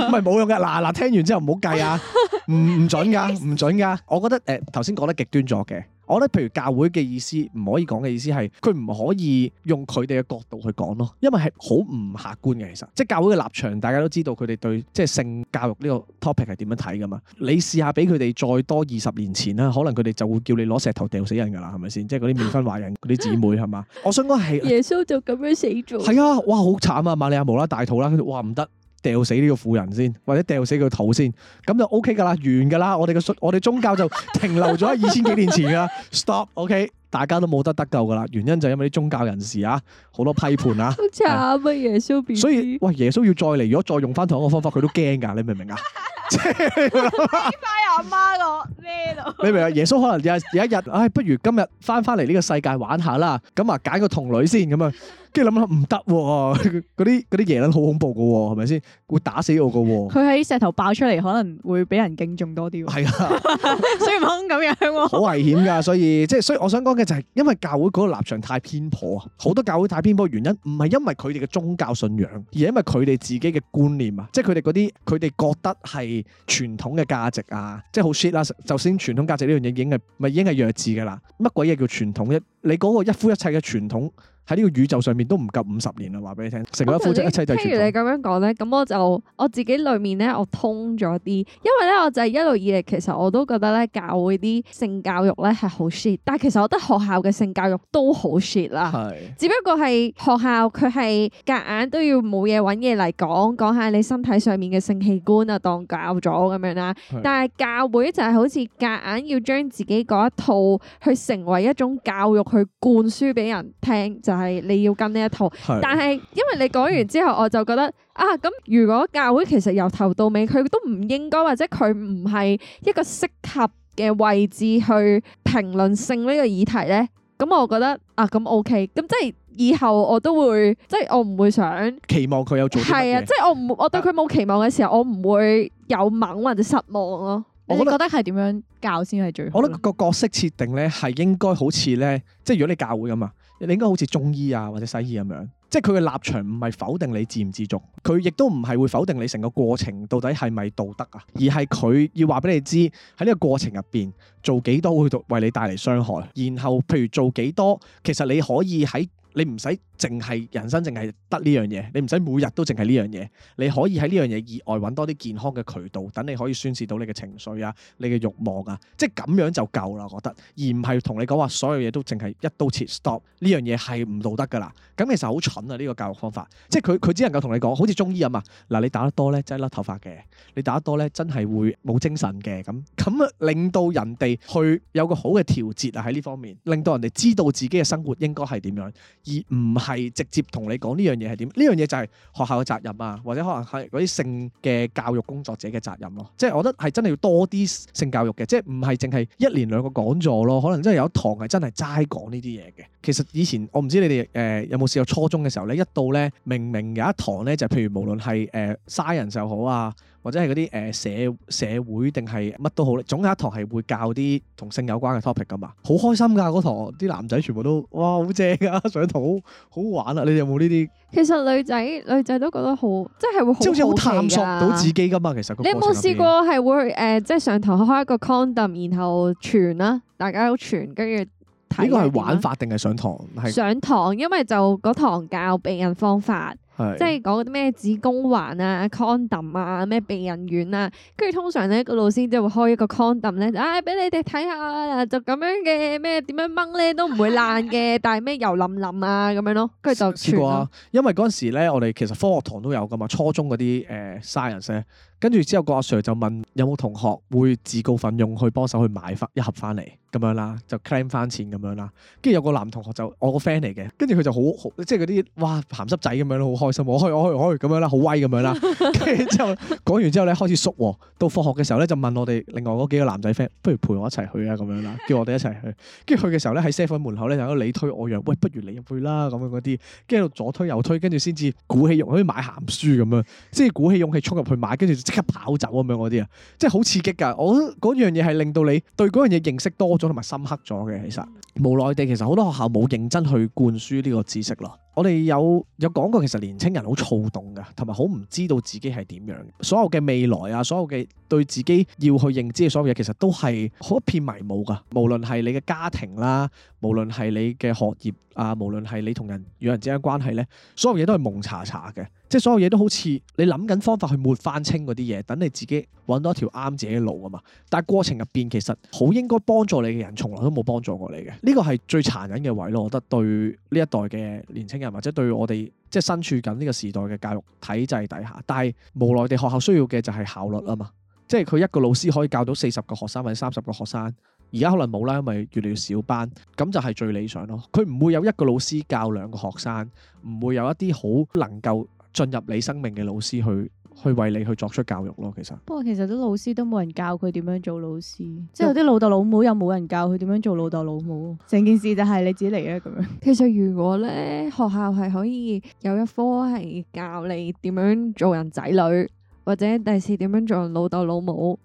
唔係冇用㗎。嗱嗱，聽完之後唔好計啊，唔唔 準㗎，唔準㗎。我覺得誒頭先講得極端咗嘅。我覺得，譬如教會嘅意思唔可以講嘅意思係，佢唔可以用佢哋嘅角度去講咯，因為係好唔客觀嘅。其實，即係教會嘅立場，大家都知道佢哋對即係性教育呢個 topic 係點樣睇噶嘛。你試下俾佢哋再多二十年前啦，可能佢哋就會叫你攞石頭掟死人噶啦，係咪先？即係嗰啲未婚懷孕嗰啲姊妹係嘛？ 我想講係耶穌就咁樣死咗，係啊，哇，好慘啊！瑪利亞無啦啦大肚啦，跟住哇唔得。掉死呢個婦人先，或者掉死佢肚先，咁就 O K 噶啦，完噶啦，我哋嘅我哋宗教就停留咗喺二千幾年前噶，stop，O K。 Stop, okay? 大家都冇得得救噶啦，原因就係因為啲宗教人士啊，好多批判啊。好慘啊，耶穌！所以，喂，耶穌要再嚟，如果再用翻同一個方法，佢都驚噶，你明唔明啊？即係。拜阿媽個咩你明啊？耶穌可能有有一日，唉、哎，不如今日翻翻嚟呢個世界玩下啦。咁、嗯嗯嗯、啊，揀個童女先咁啊，跟住諗諗唔得喎，嗰啲嗰啲耶人好恐怖噶喎，係咪先？會打死我噶喎。佢喺石頭爆出嚟，可能會畀人敬重多啲。係啊， 所以孫悟空咁樣。好危險㗎，所以即係，所以我想講就係因為教會嗰個立場太偏頗啊，好多教會太偏頗嘅原因，唔係因為佢哋嘅宗教信仰，而係因為佢哋自己嘅觀念啊，即係佢哋嗰啲，佢哋覺得係傳統嘅價值啊，即係好 shit 啦，就算傳統價值呢樣嘢已經係咪已經係弱智噶啦，乜鬼嘢叫傳統一，你嗰個一夫一妻嘅傳統？喺呢個宇宙上面都唔夠五十年啦，話俾你聽，成為一夫一妻制。譬如你咁樣講咧，咁我就我自己裏面咧，我通咗啲，因為咧，我就係一路以嚟，其實我都覺得咧，教會啲性教育咧係好 shit，但係其實我覺得學校嘅性教育都好 shit 啦，只不過係學校佢係夾硬都要冇嘢揾嘢嚟講，講下你身體上面嘅性器官啊，當教咗咁樣啦，但係教會就係好似夾硬要將自己嗰一套去成為一種教育去灌輸俾人聽就。但係你要跟呢一套，是的 但係因為你講完之後，我就覺得啊，咁如果教會其實由頭到尾，佢都唔應該，或者佢唔係一個適合嘅位置去評論性呢個議題咧。咁我覺得啊，咁 OK，咁即係以後我都會，即係我唔會想期望佢有做係啊，即係我唔我對佢冇期望嘅時候，我唔會有猛或者失望咯，啊。你覺得係點樣教先係最好？我覺得個角色設定咧係應該好似咧，即係如果你教會咁啊。你應該好似中醫啊，或者西醫咁樣，即係佢嘅立場唔係否定你自唔自重，佢亦都唔係會否定你成個過程到底係咪道德啊，而係佢要話俾你知喺呢個過程入邊做幾多會為你帶嚟傷害，然後譬如做幾多，其實你可以喺。你唔使淨係人生，淨係得呢樣嘢。你唔使每日都淨係呢樣嘢。你可以喺呢樣嘢以外搵多啲健康嘅渠道，等你可以宣泄到你嘅情緒啊，你嘅慾望啊。即係咁樣就夠啦，我覺得。而唔係同你講話所有嘢都淨係一刀切 stop 呢樣嘢係唔道德㗎啦。咁其實好蠢啊呢個教育方法。即係佢佢只能夠同你講，好似中醫咁啊嗱，你打得多咧，真係甩頭髮嘅；你打得多咧，真係會冇精神嘅。咁咁啊，令到人哋去有個好嘅調節啊喺呢方面，令到人哋知道自己嘅生活應該係點樣。而唔係直接同你講呢樣嘢係點？呢樣嘢就係學校嘅責任啊，或者可能係嗰啲性嘅教育工作者嘅責任咯、啊。即係我覺得係真係要多啲性教育嘅，即係唔係淨係一年兩個講座咯。可能真係有一堂係真係齋講呢啲嘢嘅。其實以前我唔知你哋誒、呃、有冇試過初中嘅時候咧，一到咧，明明有一堂咧，就譬如無論係誒 Science 就好啊。或者係嗰啲誒社社會定係乜都好咧，總有一堂係會教啲同性有關嘅 topic 噶嘛，好開心噶嗰堂，啲男仔全部都哇好正啊，上堂好好玩啊！你哋有冇呢啲？其實女仔女仔都覺得好，好即係會即係好探索到自己噶嘛。其實你有冇試過係會誒、呃，即係上堂開一個 condom，然後傳啦，大家好傳，跟住睇呢個係玩法定係上堂？上堂，因為就嗰堂教避孕方法。是即係講啲咩子宮環啊、condom 啊、咩避孕丸啊，跟住通常咧個老師即係會開一個 condom 咧、啊，唉俾你哋睇下就咁樣嘅咩點樣掹咧都唔會爛嘅， 但係咩油淋淋啊咁樣咯，跟住就試過啊，因為嗰陣時咧我哋其實科學堂都有㗎嘛，初中嗰啲誒 science 咧。跟住之後，個阿 Sir 就問有冇同學會自告奮勇去幫手去買翻一盒翻嚟咁樣啦，就 claim 翻錢咁樣啦。跟住有個男同學就我個 friend 嚟嘅，跟住佢就好即係嗰啲哇鹹濕仔咁樣好開心，我去我去我去咁樣啦，好威咁樣啦。跟住之後講完之後咧，開始縮。到放學嘅時候咧，就問我哋另外嗰幾個男仔 friend，不如陪我一齊去啊咁樣啦，叫我哋一齊去。跟住去嘅時候咧，喺 service 門口咧有個你推我讓，喂，不如你入去啦咁樣嗰啲，跟住喺度左推右推，跟住先至鼓起勇氣買鹹書咁樣，即係鼓起勇氣衝入去買，跟住。即係跑走咁樣嗰啲啊，即係好刺激噶。我嗰樣嘢係令到你對嗰樣嘢認識多咗，同埋深刻咗嘅。其實無奈地，其實好多學校冇認真去灌輸呢個知識咯。我哋有有講過，其實年青人好躁動噶，同埋好唔知道自己係點樣。所有嘅未來啊，所有嘅對自己要去認知嘅所有嘢，其實都係好一片迷霧噶。無論係你嘅家庭啦，無論係你嘅學業啊，無論係你同人與人之間關係呢，所有嘢都係蒙查查嘅。即所有嘢都好似你諗緊方法去抹翻清嗰啲嘢，等你自己揾到一條啱自己嘅路啊嘛。但係過程入邊，其實好應該幫助你嘅人，從來都冇幫助過你嘅。呢個係最殘忍嘅位咯，我覺得對呢一代嘅年青人，或者對我哋即係身處緊呢個時代嘅教育體制底下，但係無奈哋學校需要嘅就係效率啊嘛。即係佢一個老師可以教到四十個學生或者三十個學生，而家可能冇啦，因為越嚟越少班，咁就係最理想咯。佢唔會有一個老師教兩個學生，唔會有一啲好能夠。進入你生命嘅老師去去為你去作出教育咯，其實。不過其實啲老師都冇人教佢點樣做老師，即係有啲老豆老母又冇人教佢點樣做老豆老母，成件事就係你自己嚟嘅咁樣。 其實如果呢學校係可以有一科係教你點樣做人仔女，或者第時點樣做人老豆老母。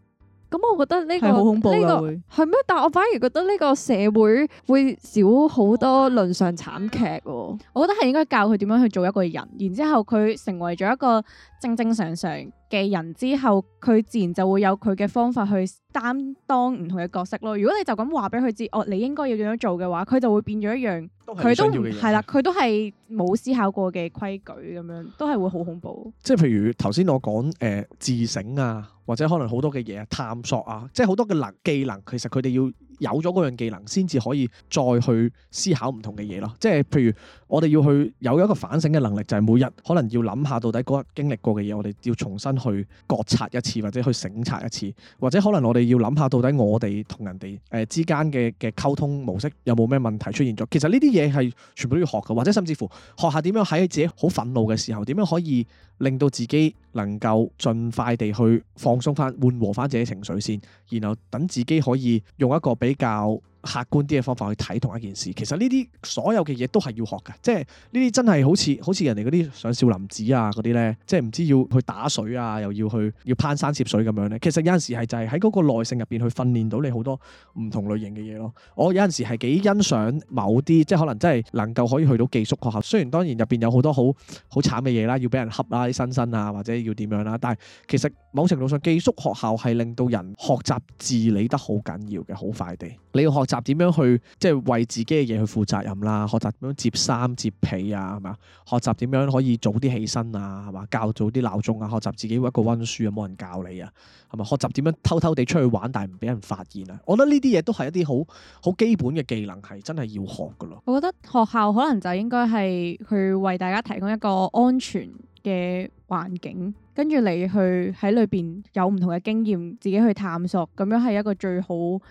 咁我覺得呢、呢個呢、好恐怖，呢個係咩？但我反而覺得呢個社會會少好多倫常慘劇，哦。我覺得係應該教佢點樣去做一個人，然之後佢成為咗一個正正常常嘅人之後，佢自然就會有佢嘅方法去擔當唔同嘅角色咯。如果你就咁話俾佢知，哦，你應該要點樣做嘅話，佢就會變咗一樣。佢都唔係啦，佢都係冇思考過嘅規矩咁樣，都係會好恐怖即。即係譬如頭先我講誒、呃，自省啊，或者可能好多嘅嘢啊，探索啊，即係好多嘅能技能，其實佢哋要有咗嗰樣技能，先至可以再去思考唔同嘅嘢咯。即係譬如。我哋要去有一個反省嘅能力，就係、是、每日可能要諗下到底嗰日經歷過嘅嘢，我哋要重新去覺察一次，或者去醒察一次，或者可能我哋要諗下到底我哋同人哋誒、呃、之間嘅嘅溝通模式有冇咩問題出現咗？其實呢啲嘢係全部都要學嘅，或者甚至乎學下點樣喺自己好憤怒嘅時候，點樣可以令到自己能夠盡快地去放鬆翻、緩和翻自己情緒先，然後等自己可以用一個比較，客觀啲嘅方法去睇同一件事，其實呢啲所有嘅嘢都係要學嘅，即係呢啲真係好似好似人哋嗰啲上少林寺啊嗰啲呢，即係唔知要去打水啊，又要去要攀山涉水咁樣呢。其實有陣時係就係喺嗰個耐性入邊去訓練到你好多唔同類型嘅嘢咯。我有陣時係幾欣賞某啲，即係可能真係能夠可以去到寄宿學校，雖然當然入邊有好多好好慘嘅嘢啦，要俾人恰啦啲新生啊，或者要點樣啦，但係其實某程度上寄宿學校係令到人學習自理得好緊要嘅，好快地你要學習。點樣去即係為自己嘅嘢去負責任啦。學習點樣摺衫摺被啊，係咪啊？學習點樣可以早啲起身啊，係嘛？較早啲鬧鐘啊。學習自己一個溫書啊，冇人教你啊，係咪？學習點樣偷偷地出去玩，但係唔俾人發現啊。我覺得呢啲嘢都係一啲好好基本嘅技能，係真係要學噶咯。我覺得學校可能就應該係去為大家提供一個安全嘅環境。跟住你去喺裏邊有唔同嘅經驗，自己去探索，咁樣係一個最好，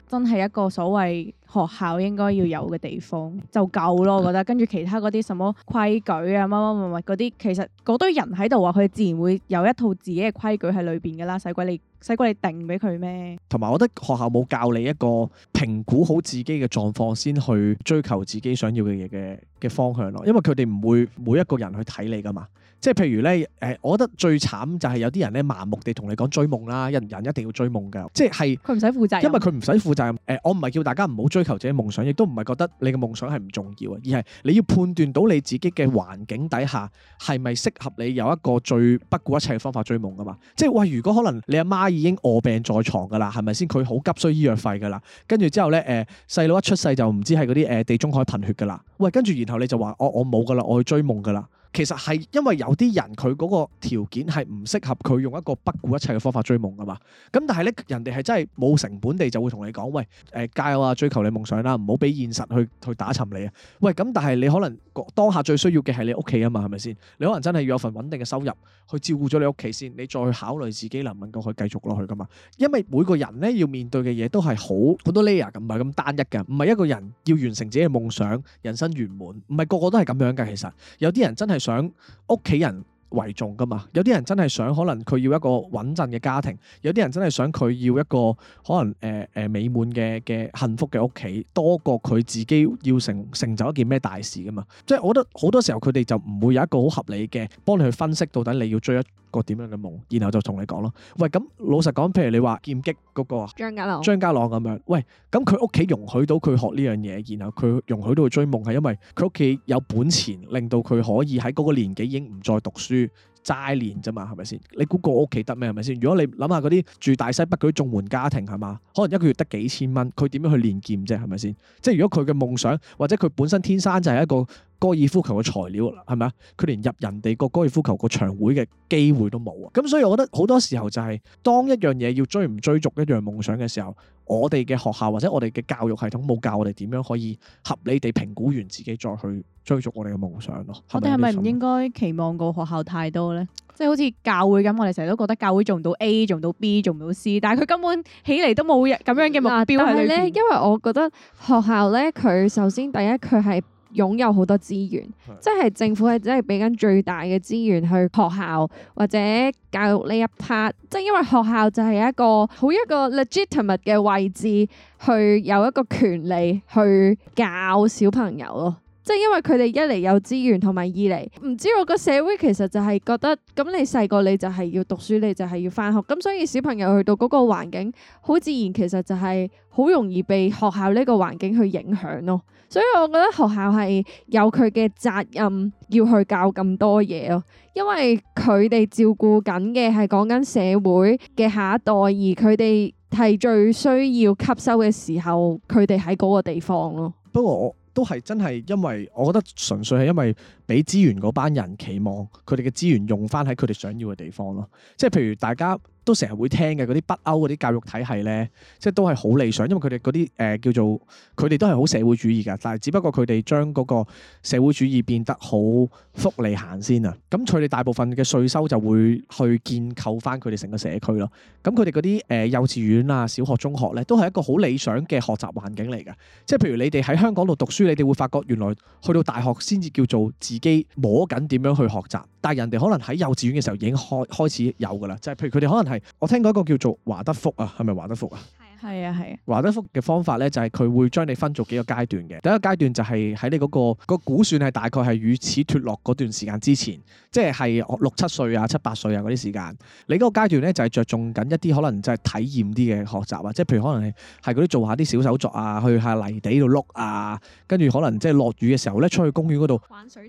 真係一個所謂學校應該要有嘅地方就夠咯。我覺得跟住其他嗰啲什麼規矩啊，乜乜乜乜嗰啲，其實嗰堆人喺度話，佢自然會有一套自己嘅規矩喺裏邊噶啦，使鬼你使鬼你定俾佢咩？同埋，我覺得學校冇教你一個評估好自己嘅狀況先去追求自己想要嘅嘢嘅嘅方向咯，因為佢哋唔會每一個人去睇你噶嘛。即係譬如咧，誒、呃，我覺得最慘就係有啲人咧，盲目地同你講追夢啦，人人一定要追夢噶，即係佢唔使負責，因為佢唔使負責。誒，我唔係叫大家唔好追求自己夢想，亦都唔係覺得你嘅夢想係唔重要啊，而係你要判斷到你自己嘅環境底下係咪適合你有一個最不顧一切嘅方法追夢噶嘛。即係喂，如果可能你阿媽已經臥病在床噶啦，係咪先？佢好急需醫藥費噶啦，跟住之後咧，誒細佬一出世就唔知係嗰啲誒地中海貧血噶啦，喂，跟住然後你就話、哦、我我冇噶啦，我去追夢噶啦。其實係因為有啲人佢嗰個條件係唔適合佢用一個不顧一切嘅方法追夢㗎嘛。咁但係咧，人哋係真係冇成本地就會同你講，喂，誒、呃，加油啊，追求你夢想啦、啊，唔好俾現實去去打沉你啊。喂，咁但係你可能當下最需要嘅係你屋企啊嘛，係咪先？你可能真係要有份穩定嘅收入去照顧咗你屋企先，你再去考慮自己能唔能夠去繼續落去㗎嘛。因為每個人咧要面對嘅嘢都係好好多 layer 咁，唔係咁單一嘅，唔係一個人要完成自己嘅夢想人生圓滿，唔係個個都係咁樣嘅。其實有啲人真係。想屋企人為重㗎嘛？有啲人真係想，可能佢要一個穩陣嘅家庭；有啲人真係想佢要一個可能誒誒美滿嘅嘅幸福嘅屋企，多過佢自己要成成就一件咩大事㗎嘛？即係我覺得好多時候佢哋就唔會有一個好合理嘅，幫你去分析到底你要追一個點樣嘅夢，然後就同你講咯。喂，咁老實講，譬如你話劍擊嗰個啊，張家朗，張家朗咁樣，喂，咁佢屋企容許到佢學呢樣嘢，然後佢容許到佢追夢，係因為佢屋企有本錢，令到佢可以喺嗰個年紀已經唔再讀書。齋練啫嘛，係咪先？你估個屋企得咩？係咪先？如果你諗下嗰啲住大西北嗰啲綜援家庭係嘛，可能一個月得幾千蚊，佢點樣去練劍啫？係咪先？即係如果佢嘅夢想或者佢本身天生就係一個高爾夫球嘅材料啦，係咪啊？佢連入人哋個高爾夫球個場會嘅機會都冇啊！咁所以，我覺得好多時候就係、是、當一樣嘢要追唔追逐一樣夢想嘅時候。我哋嘅學校或者我哋嘅教育系統冇教我哋點樣可以合理地評估完自己再去追逐我哋嘅夢想咯。我哋係咪唔應該期望個學校太多咧？即係好似教會咁，我哋成日都覺得教會做唔到 A，做唔到 B，做唔到 C，但係佢根本起嚟都冇咁樣嘅目標喺裏邊。但係咧，因為我覺得學校咧，佢首先第一佢係。擁有好多資源，即係是的 政府係真係俾緊最大嘅資源去學校或者教育呢一 part，即係因為學校就係一個好一個 legitimate 嘅位置，去有一個權力去教小朋友咯。即係因為佢哋一嚟有資源，同埋二嚟唔知道我個社會其實就係覺得咁你細個你就係要讀書，你就係要返學，咁所以小朋友去到嗰個環境，好自然其實就係好容易被學校呢個環境去影響咯。所以我覺得學校係有佢嘅責任要去教咁多嘢咯，因為佢哋照顧緊嘅係講緊社會嘅下一代，而佢哋係最需要吸收嘅時候，佢哋喺嗰個地方咯。不過都係真係，因為我覺得純粹係因為，俾資源嗰班人期望佢哋嘅資源用翻喺佢哋想要嘅地方咯，即係譬如大家都成日會聽嘅嗰啲北歐嗰啲教育體系咧，即係都係好理想，因為佢哋嗰啲誒叫做佢哋都係好社會主義㗎，但係只不過佢哋將嗰個社會主義變得好福利行先啊。咁佢哋大部分嘅稅收就會去建構翻佢哋成個社區咯。咁佢哋嗰啲誒幼稚園啊、小學、中學咧都係一個好理想嘅學習環境嚟㗎。即係譬如你哋喺香港度讀書，你哋會發覺原來去到大學先至叫做自自己摸緊點樣去學習，但係人哋可能喺幼稚園嘅時候已經開開始有噶啦，就係、是、譬如佢哋可能係我聽過一個叫做華德福啊，係咪華德福啊？係啊係啊，華德福嘅方法咧就係佢會將你分做幾個階段嘅。第一個階段就係喺你嗰、嗰個嗰個估算係大概係與此脫落嗰段時間之前，即係係六七歲啊、七八歲啊嗰啲時間。你嗰個階段咧就係着重緊一啲可能就係體驗啲嘅學習啊，即係譬如可能係係嗰啲做下啲小手作啊，去下泥地度碌啊，跟住可能即係落雨嘅時候咧出去公園嗰度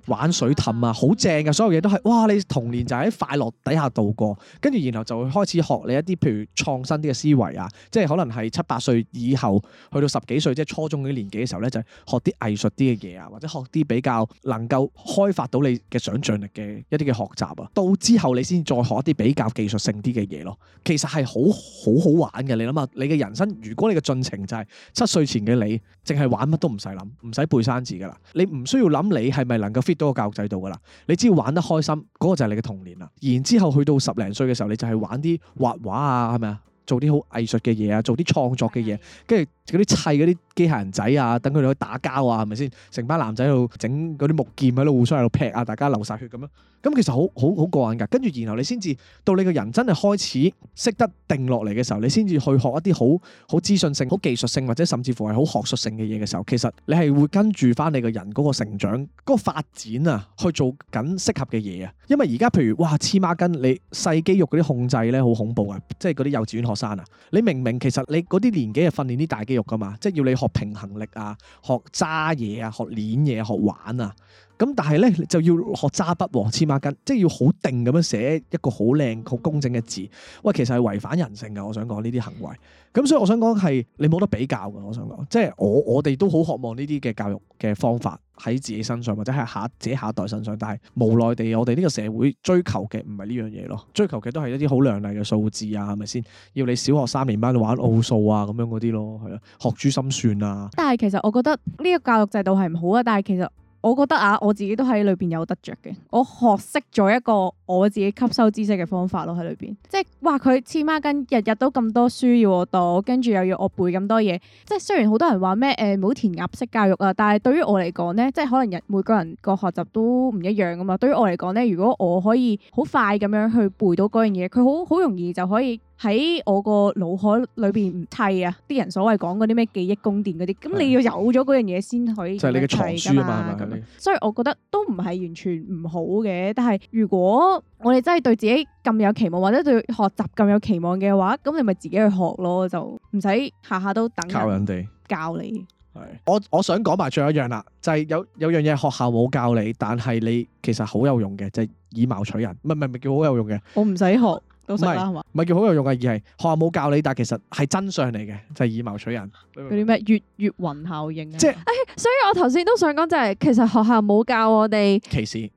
玩水氹啊，好正嘅、啊、所有嘢都係哇！你童年就喺快樂底下度過，跟住然後就會開始學你一啲譬如創新啲嘅思維啊，即係可能。係七八歲以後，去到十幾歲，即係初中嗰啲年紀嘅時候咧，就係、是、學啲藝術啲嘅嘢啊，或者學啲比較能夠開發到你嘅想象力嘅一啲嘅學習啊。到之後你先再學一啲比較技術性啲嘅嘢咯。其實係好好好玩嘅。你諗下，你嘅人生如果你嘅進程就係七歲前嘅你，淨係玩乜都唔使諗，唔使背生字噶啦，你唔需要諗你係咪能夠 fit 到個教育制度噶啦。你只要玩得開心，嗰、那個就係你嘅童年啦。然之後去到十零歲嘅時候，你就係玩啲畫畫啊，係咪啊？做啲好藝術嘅嘢啊，做啲創作嘅嘢，跟住嗰啲砌嗰啲機械人仔啊，等佢哋去打交啊，係咪先？成班男仔喺度整嗰啲木劍喺度互相喺度劈啊，大家流晒血咁樣。咁其實好好好過眼㗎。跟住然後你先至到你個人真係開始識得定落嚟嘅時候，你先至去學一啲好好資訊性、好技術性或者甚至乎係好學術性嘅嘢嘅時候，其實你係會跟住翻你個人嗰個成長、嗰、嗰個發展啊，去做緊適合嘅嘢啊。因為而家譬如哇黐孖筋，你細肌肉嗰啲控制咧好恐怖啊，即係嗰啲幼稚園學。山啊！你明唔明其實你嗰啲年紀係訓練啲大肌肉噶嘛，即係要你學平衡力啊，學揸嘢啊，學捻嘢，啊，學玩啊。咁但係咧就要學揸筆，黐孖筋，即係要好定咁樣寫一個好靚、好公正嘅字。喂，其實係違反人性嘅。我想講呢啲行為咁，所以我想講係你冇得比較嘅。我想講即係我我哋都好渴望呢啲嘅教育嘅方法喺自己身上或者喺下自己下一代身上，但係無奈地我哋呢個社會追求嘅唔係呢樣嘢咯，追求嘅都係一啲好亮麗嘅數字啊，係咪先？要你小學三年班玩奧數啊，咁樣嗰啲咯，係啊，學珠心算啊。但係其實我覺得呢個教育制度係唔好啊，但係其實。我覺得啊，我自己都喺裏邊有得着嘅。我學識咗一個我自己吸收知識嘅方法咯，喺裏邊即係哇，佢黐孖筋日日都咁多書要我讀，跟住又要我背咁多嘢。即係雖然好多人話咩誒冇填鴨式教育啊，但係對於我嚟講咧，即係可能人每個人個學習都唔一樣噶嘛。對於我嚟講咧，如果我可以好快咁樣去背到嗰樣嘢，佢好好容易就可以。喺我個腦海裏邊唔替啊！啲人所謂講嗰啲咩記憶宮殿嗰啲，咁的你要有咗嗰樣嘢先可以就係你嘅藏書啊嘛，係咪咁？的所以我覺得都唔係完全唔好嘅，但係如果我哋真係對自己咁有期望，或者對學習咁有期望嘅話，咁你咪自己去學咯，就唔使下下都等靠人哋教你。係，我我想講埋最後一樣啦，就係、是、有有樣嘢學校冇教你，但係你其實好有用嘅，就係、是、以貌取人，唔係唔係叫好有用嘅。我唔使學。唔係，叫好是有用啊，而係學校冇教你，但其實係真相嚟嘅，就係以貌取人嗰啲咩月月暈效應啊即！即係、哎，所以我頭先都想講就係、是，其實學校冇教我哋歧視，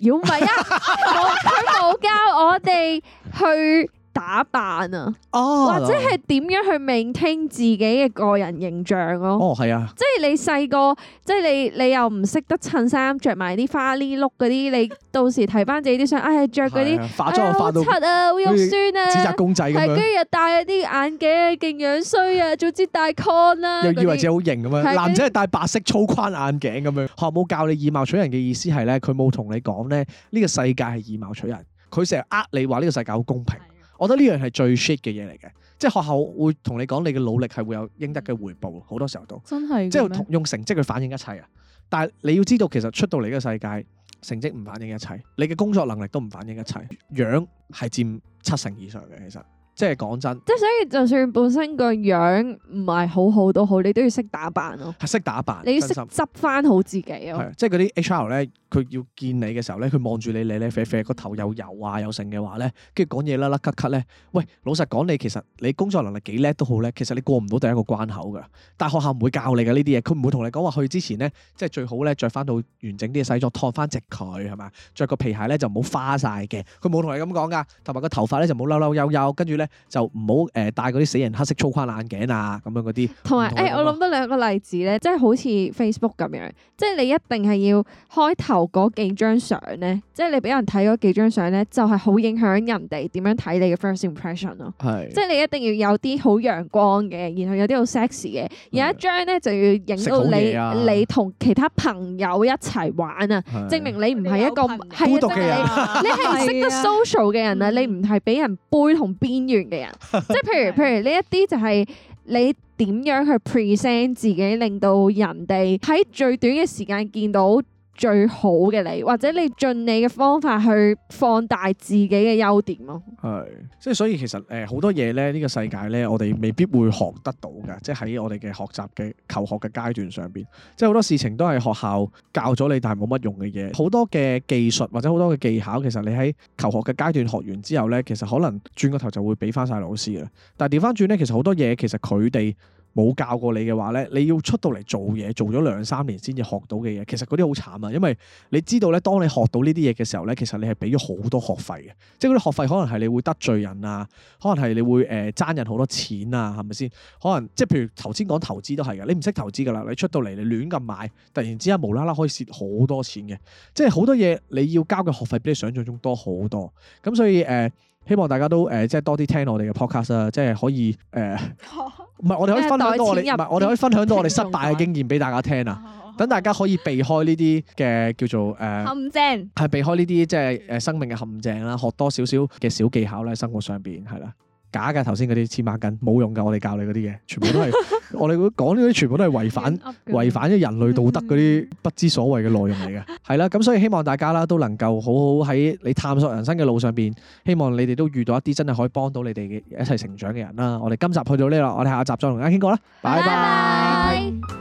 妖，唔係啊，佢冇 教我哋去。打扮啊，或者係點樣去 maintain 自己嘅個人形象咯。哦，係啊，即係你細個，即係你你又唔識得襯衫，着埋啲花哩碌嗰啲，你到時睇翻自己啲相，唉，着嗰啲化妝化到柒啊，好肉酸啊，紙紮公仔咁樣，今日戴啲眼鏡啊，勁樣衰啊，早知戴 con 啊，又以為自己好型咁樣。男仔係戴白色粗框眼鏡咁樣，學冇教你以貌取人嘅意思係咧，佢冇同你講咧呢個世界係以貌取人，佢成日呃你話呢個世界好公平。我覺得呢樣係最 shit 嘅嘢嚟嘅，即係學校會同你講你嘅努力係會有應得嘅回報，好多時候都，真係，即係用成績去反映一切啊！但係你要知道，其實出到嚟嘅世界，成績唔反映一切，你嘅工作能力都唔反映一切，樣係佔七成以上嘅其實。即係講真，即係所以，就算本身個樣唔係好好都好，你都要識打扮咯、啊。係識打扮，你要識執翻好自己咯、啊心。即係嗰啲 H R 咧，佢要見你嘅時候咧，佢望住你，你咧啡啡個頭有油啊，有剩嘅話咧，跟住講嘢甩甩咳咳咧，喂，老實講，你其實你工作能力幾叻都好咧，其實你過唔到第一個關口㗎。但係學校唔會教你嘅呢啲嘢，佢唔會同你講話去之前咧，即係最好咧着翻到完整啲嘅西裝，燙翻直佢係咪？着個皮鞋咧就唔好花晒嘅，佢冇同你咁講㗎。同埋個頭髮咧就唔好嬲嬲優優，跟住咧。就唔好誒戴啲死人黑色粗框眼鏡啊，咁樣啲。有同埋誒、欸，我諗得兩個例子咧，即係好似 Facebook 咁樣，即係你一定係要開頭嗰幾張相咧，即係你俾人睇嗰幾張相咧，就係好影響人哋點樣睇你嘅 first impression 咯。係，即係你一定要有啲好陽光嘅，然後有啲好 sexy 嘅，有一張咧就要影到你的你同其他朋友一齊玩啊，證明你唔係一個，孤獨嘅人， 你係唔識得 social 嘅人啊，的你唔係俾人背同邊緣。嘅人， 即係譬如譬如呢一啲，就係你點樣去 present 自己，令到人哋喺最短嘅時間見到。最好嘅你，或者你盡你嘅方法去放大自己嘅優點咯。係，即係所以其實誒好多嘢咧，呢個世界咧，我哋未必會學得到嘅，即係喺我哋嘅學習嘅求學嘅階段上邊，即係好多事情都係學校教咗你，但係冇乜用嘅嘢，好多嘅技術或者好多嘅技巧，其實你喺求學嘅階段學完之後咧，其實可能轉個頭就會俾翻晒老師啦。但係調翻轉咧，其實好多嘢其實佢哋。冇教過你嘅話咧，你要出到嚟做嘢，做咗兩三年先至學到嘅嘢，其實嗰啲好慘啊！因為你知道咧，當你學到呢啲嘢嘅時候咧，其實你係俾咗好多學費嘅，即係嗰啲學費可能係你會得罪人啊，可能係你會誒爭、呃、人好多錢啊，係咪先？可能即係譬如頭先講投資都係嘅，你唔識投資㗎喇，你出到嚟你亂咁買，突然之間無啦啦可以蝕好多錢嘅，即係好多嘢你要交嘅學費比你想像中多好多，咁所以誒。呃。希望大家都誒、呃、即係多啲聽我哋嘅 podcast 啊，即係可以誒，唔、呃、係 我哋可以分享多我哋唔係我哋可以分享多我哋失敗嘅經驗俾大家聽啊， 等大家可以避開呢啲嘅叫做誒、呃、 陷阱，係避開呢啲即係誒生命嘅陷阱啦，學多少少嘅小技巧咧，喺生活上邊係啦。假嘅，頭先嗰啲黐孖筋冇用㗎，我哋教你嗰啲嘢，全部都係 我哋講呢啲，全部都係違反 違反咗人類道德嗰啲不知所謂嘅內容嚟嘅。係啦， 咁所以希望大家啦，都能夠好好喺你探索人生嘅路上邊，希望你哋都遇到一啲真係可以幫到你哋嘅一齊成長嘅人啦。我哋今集去到呢度，我哋下一集再同大家傾過啦，拜拜 bye。Bye bye。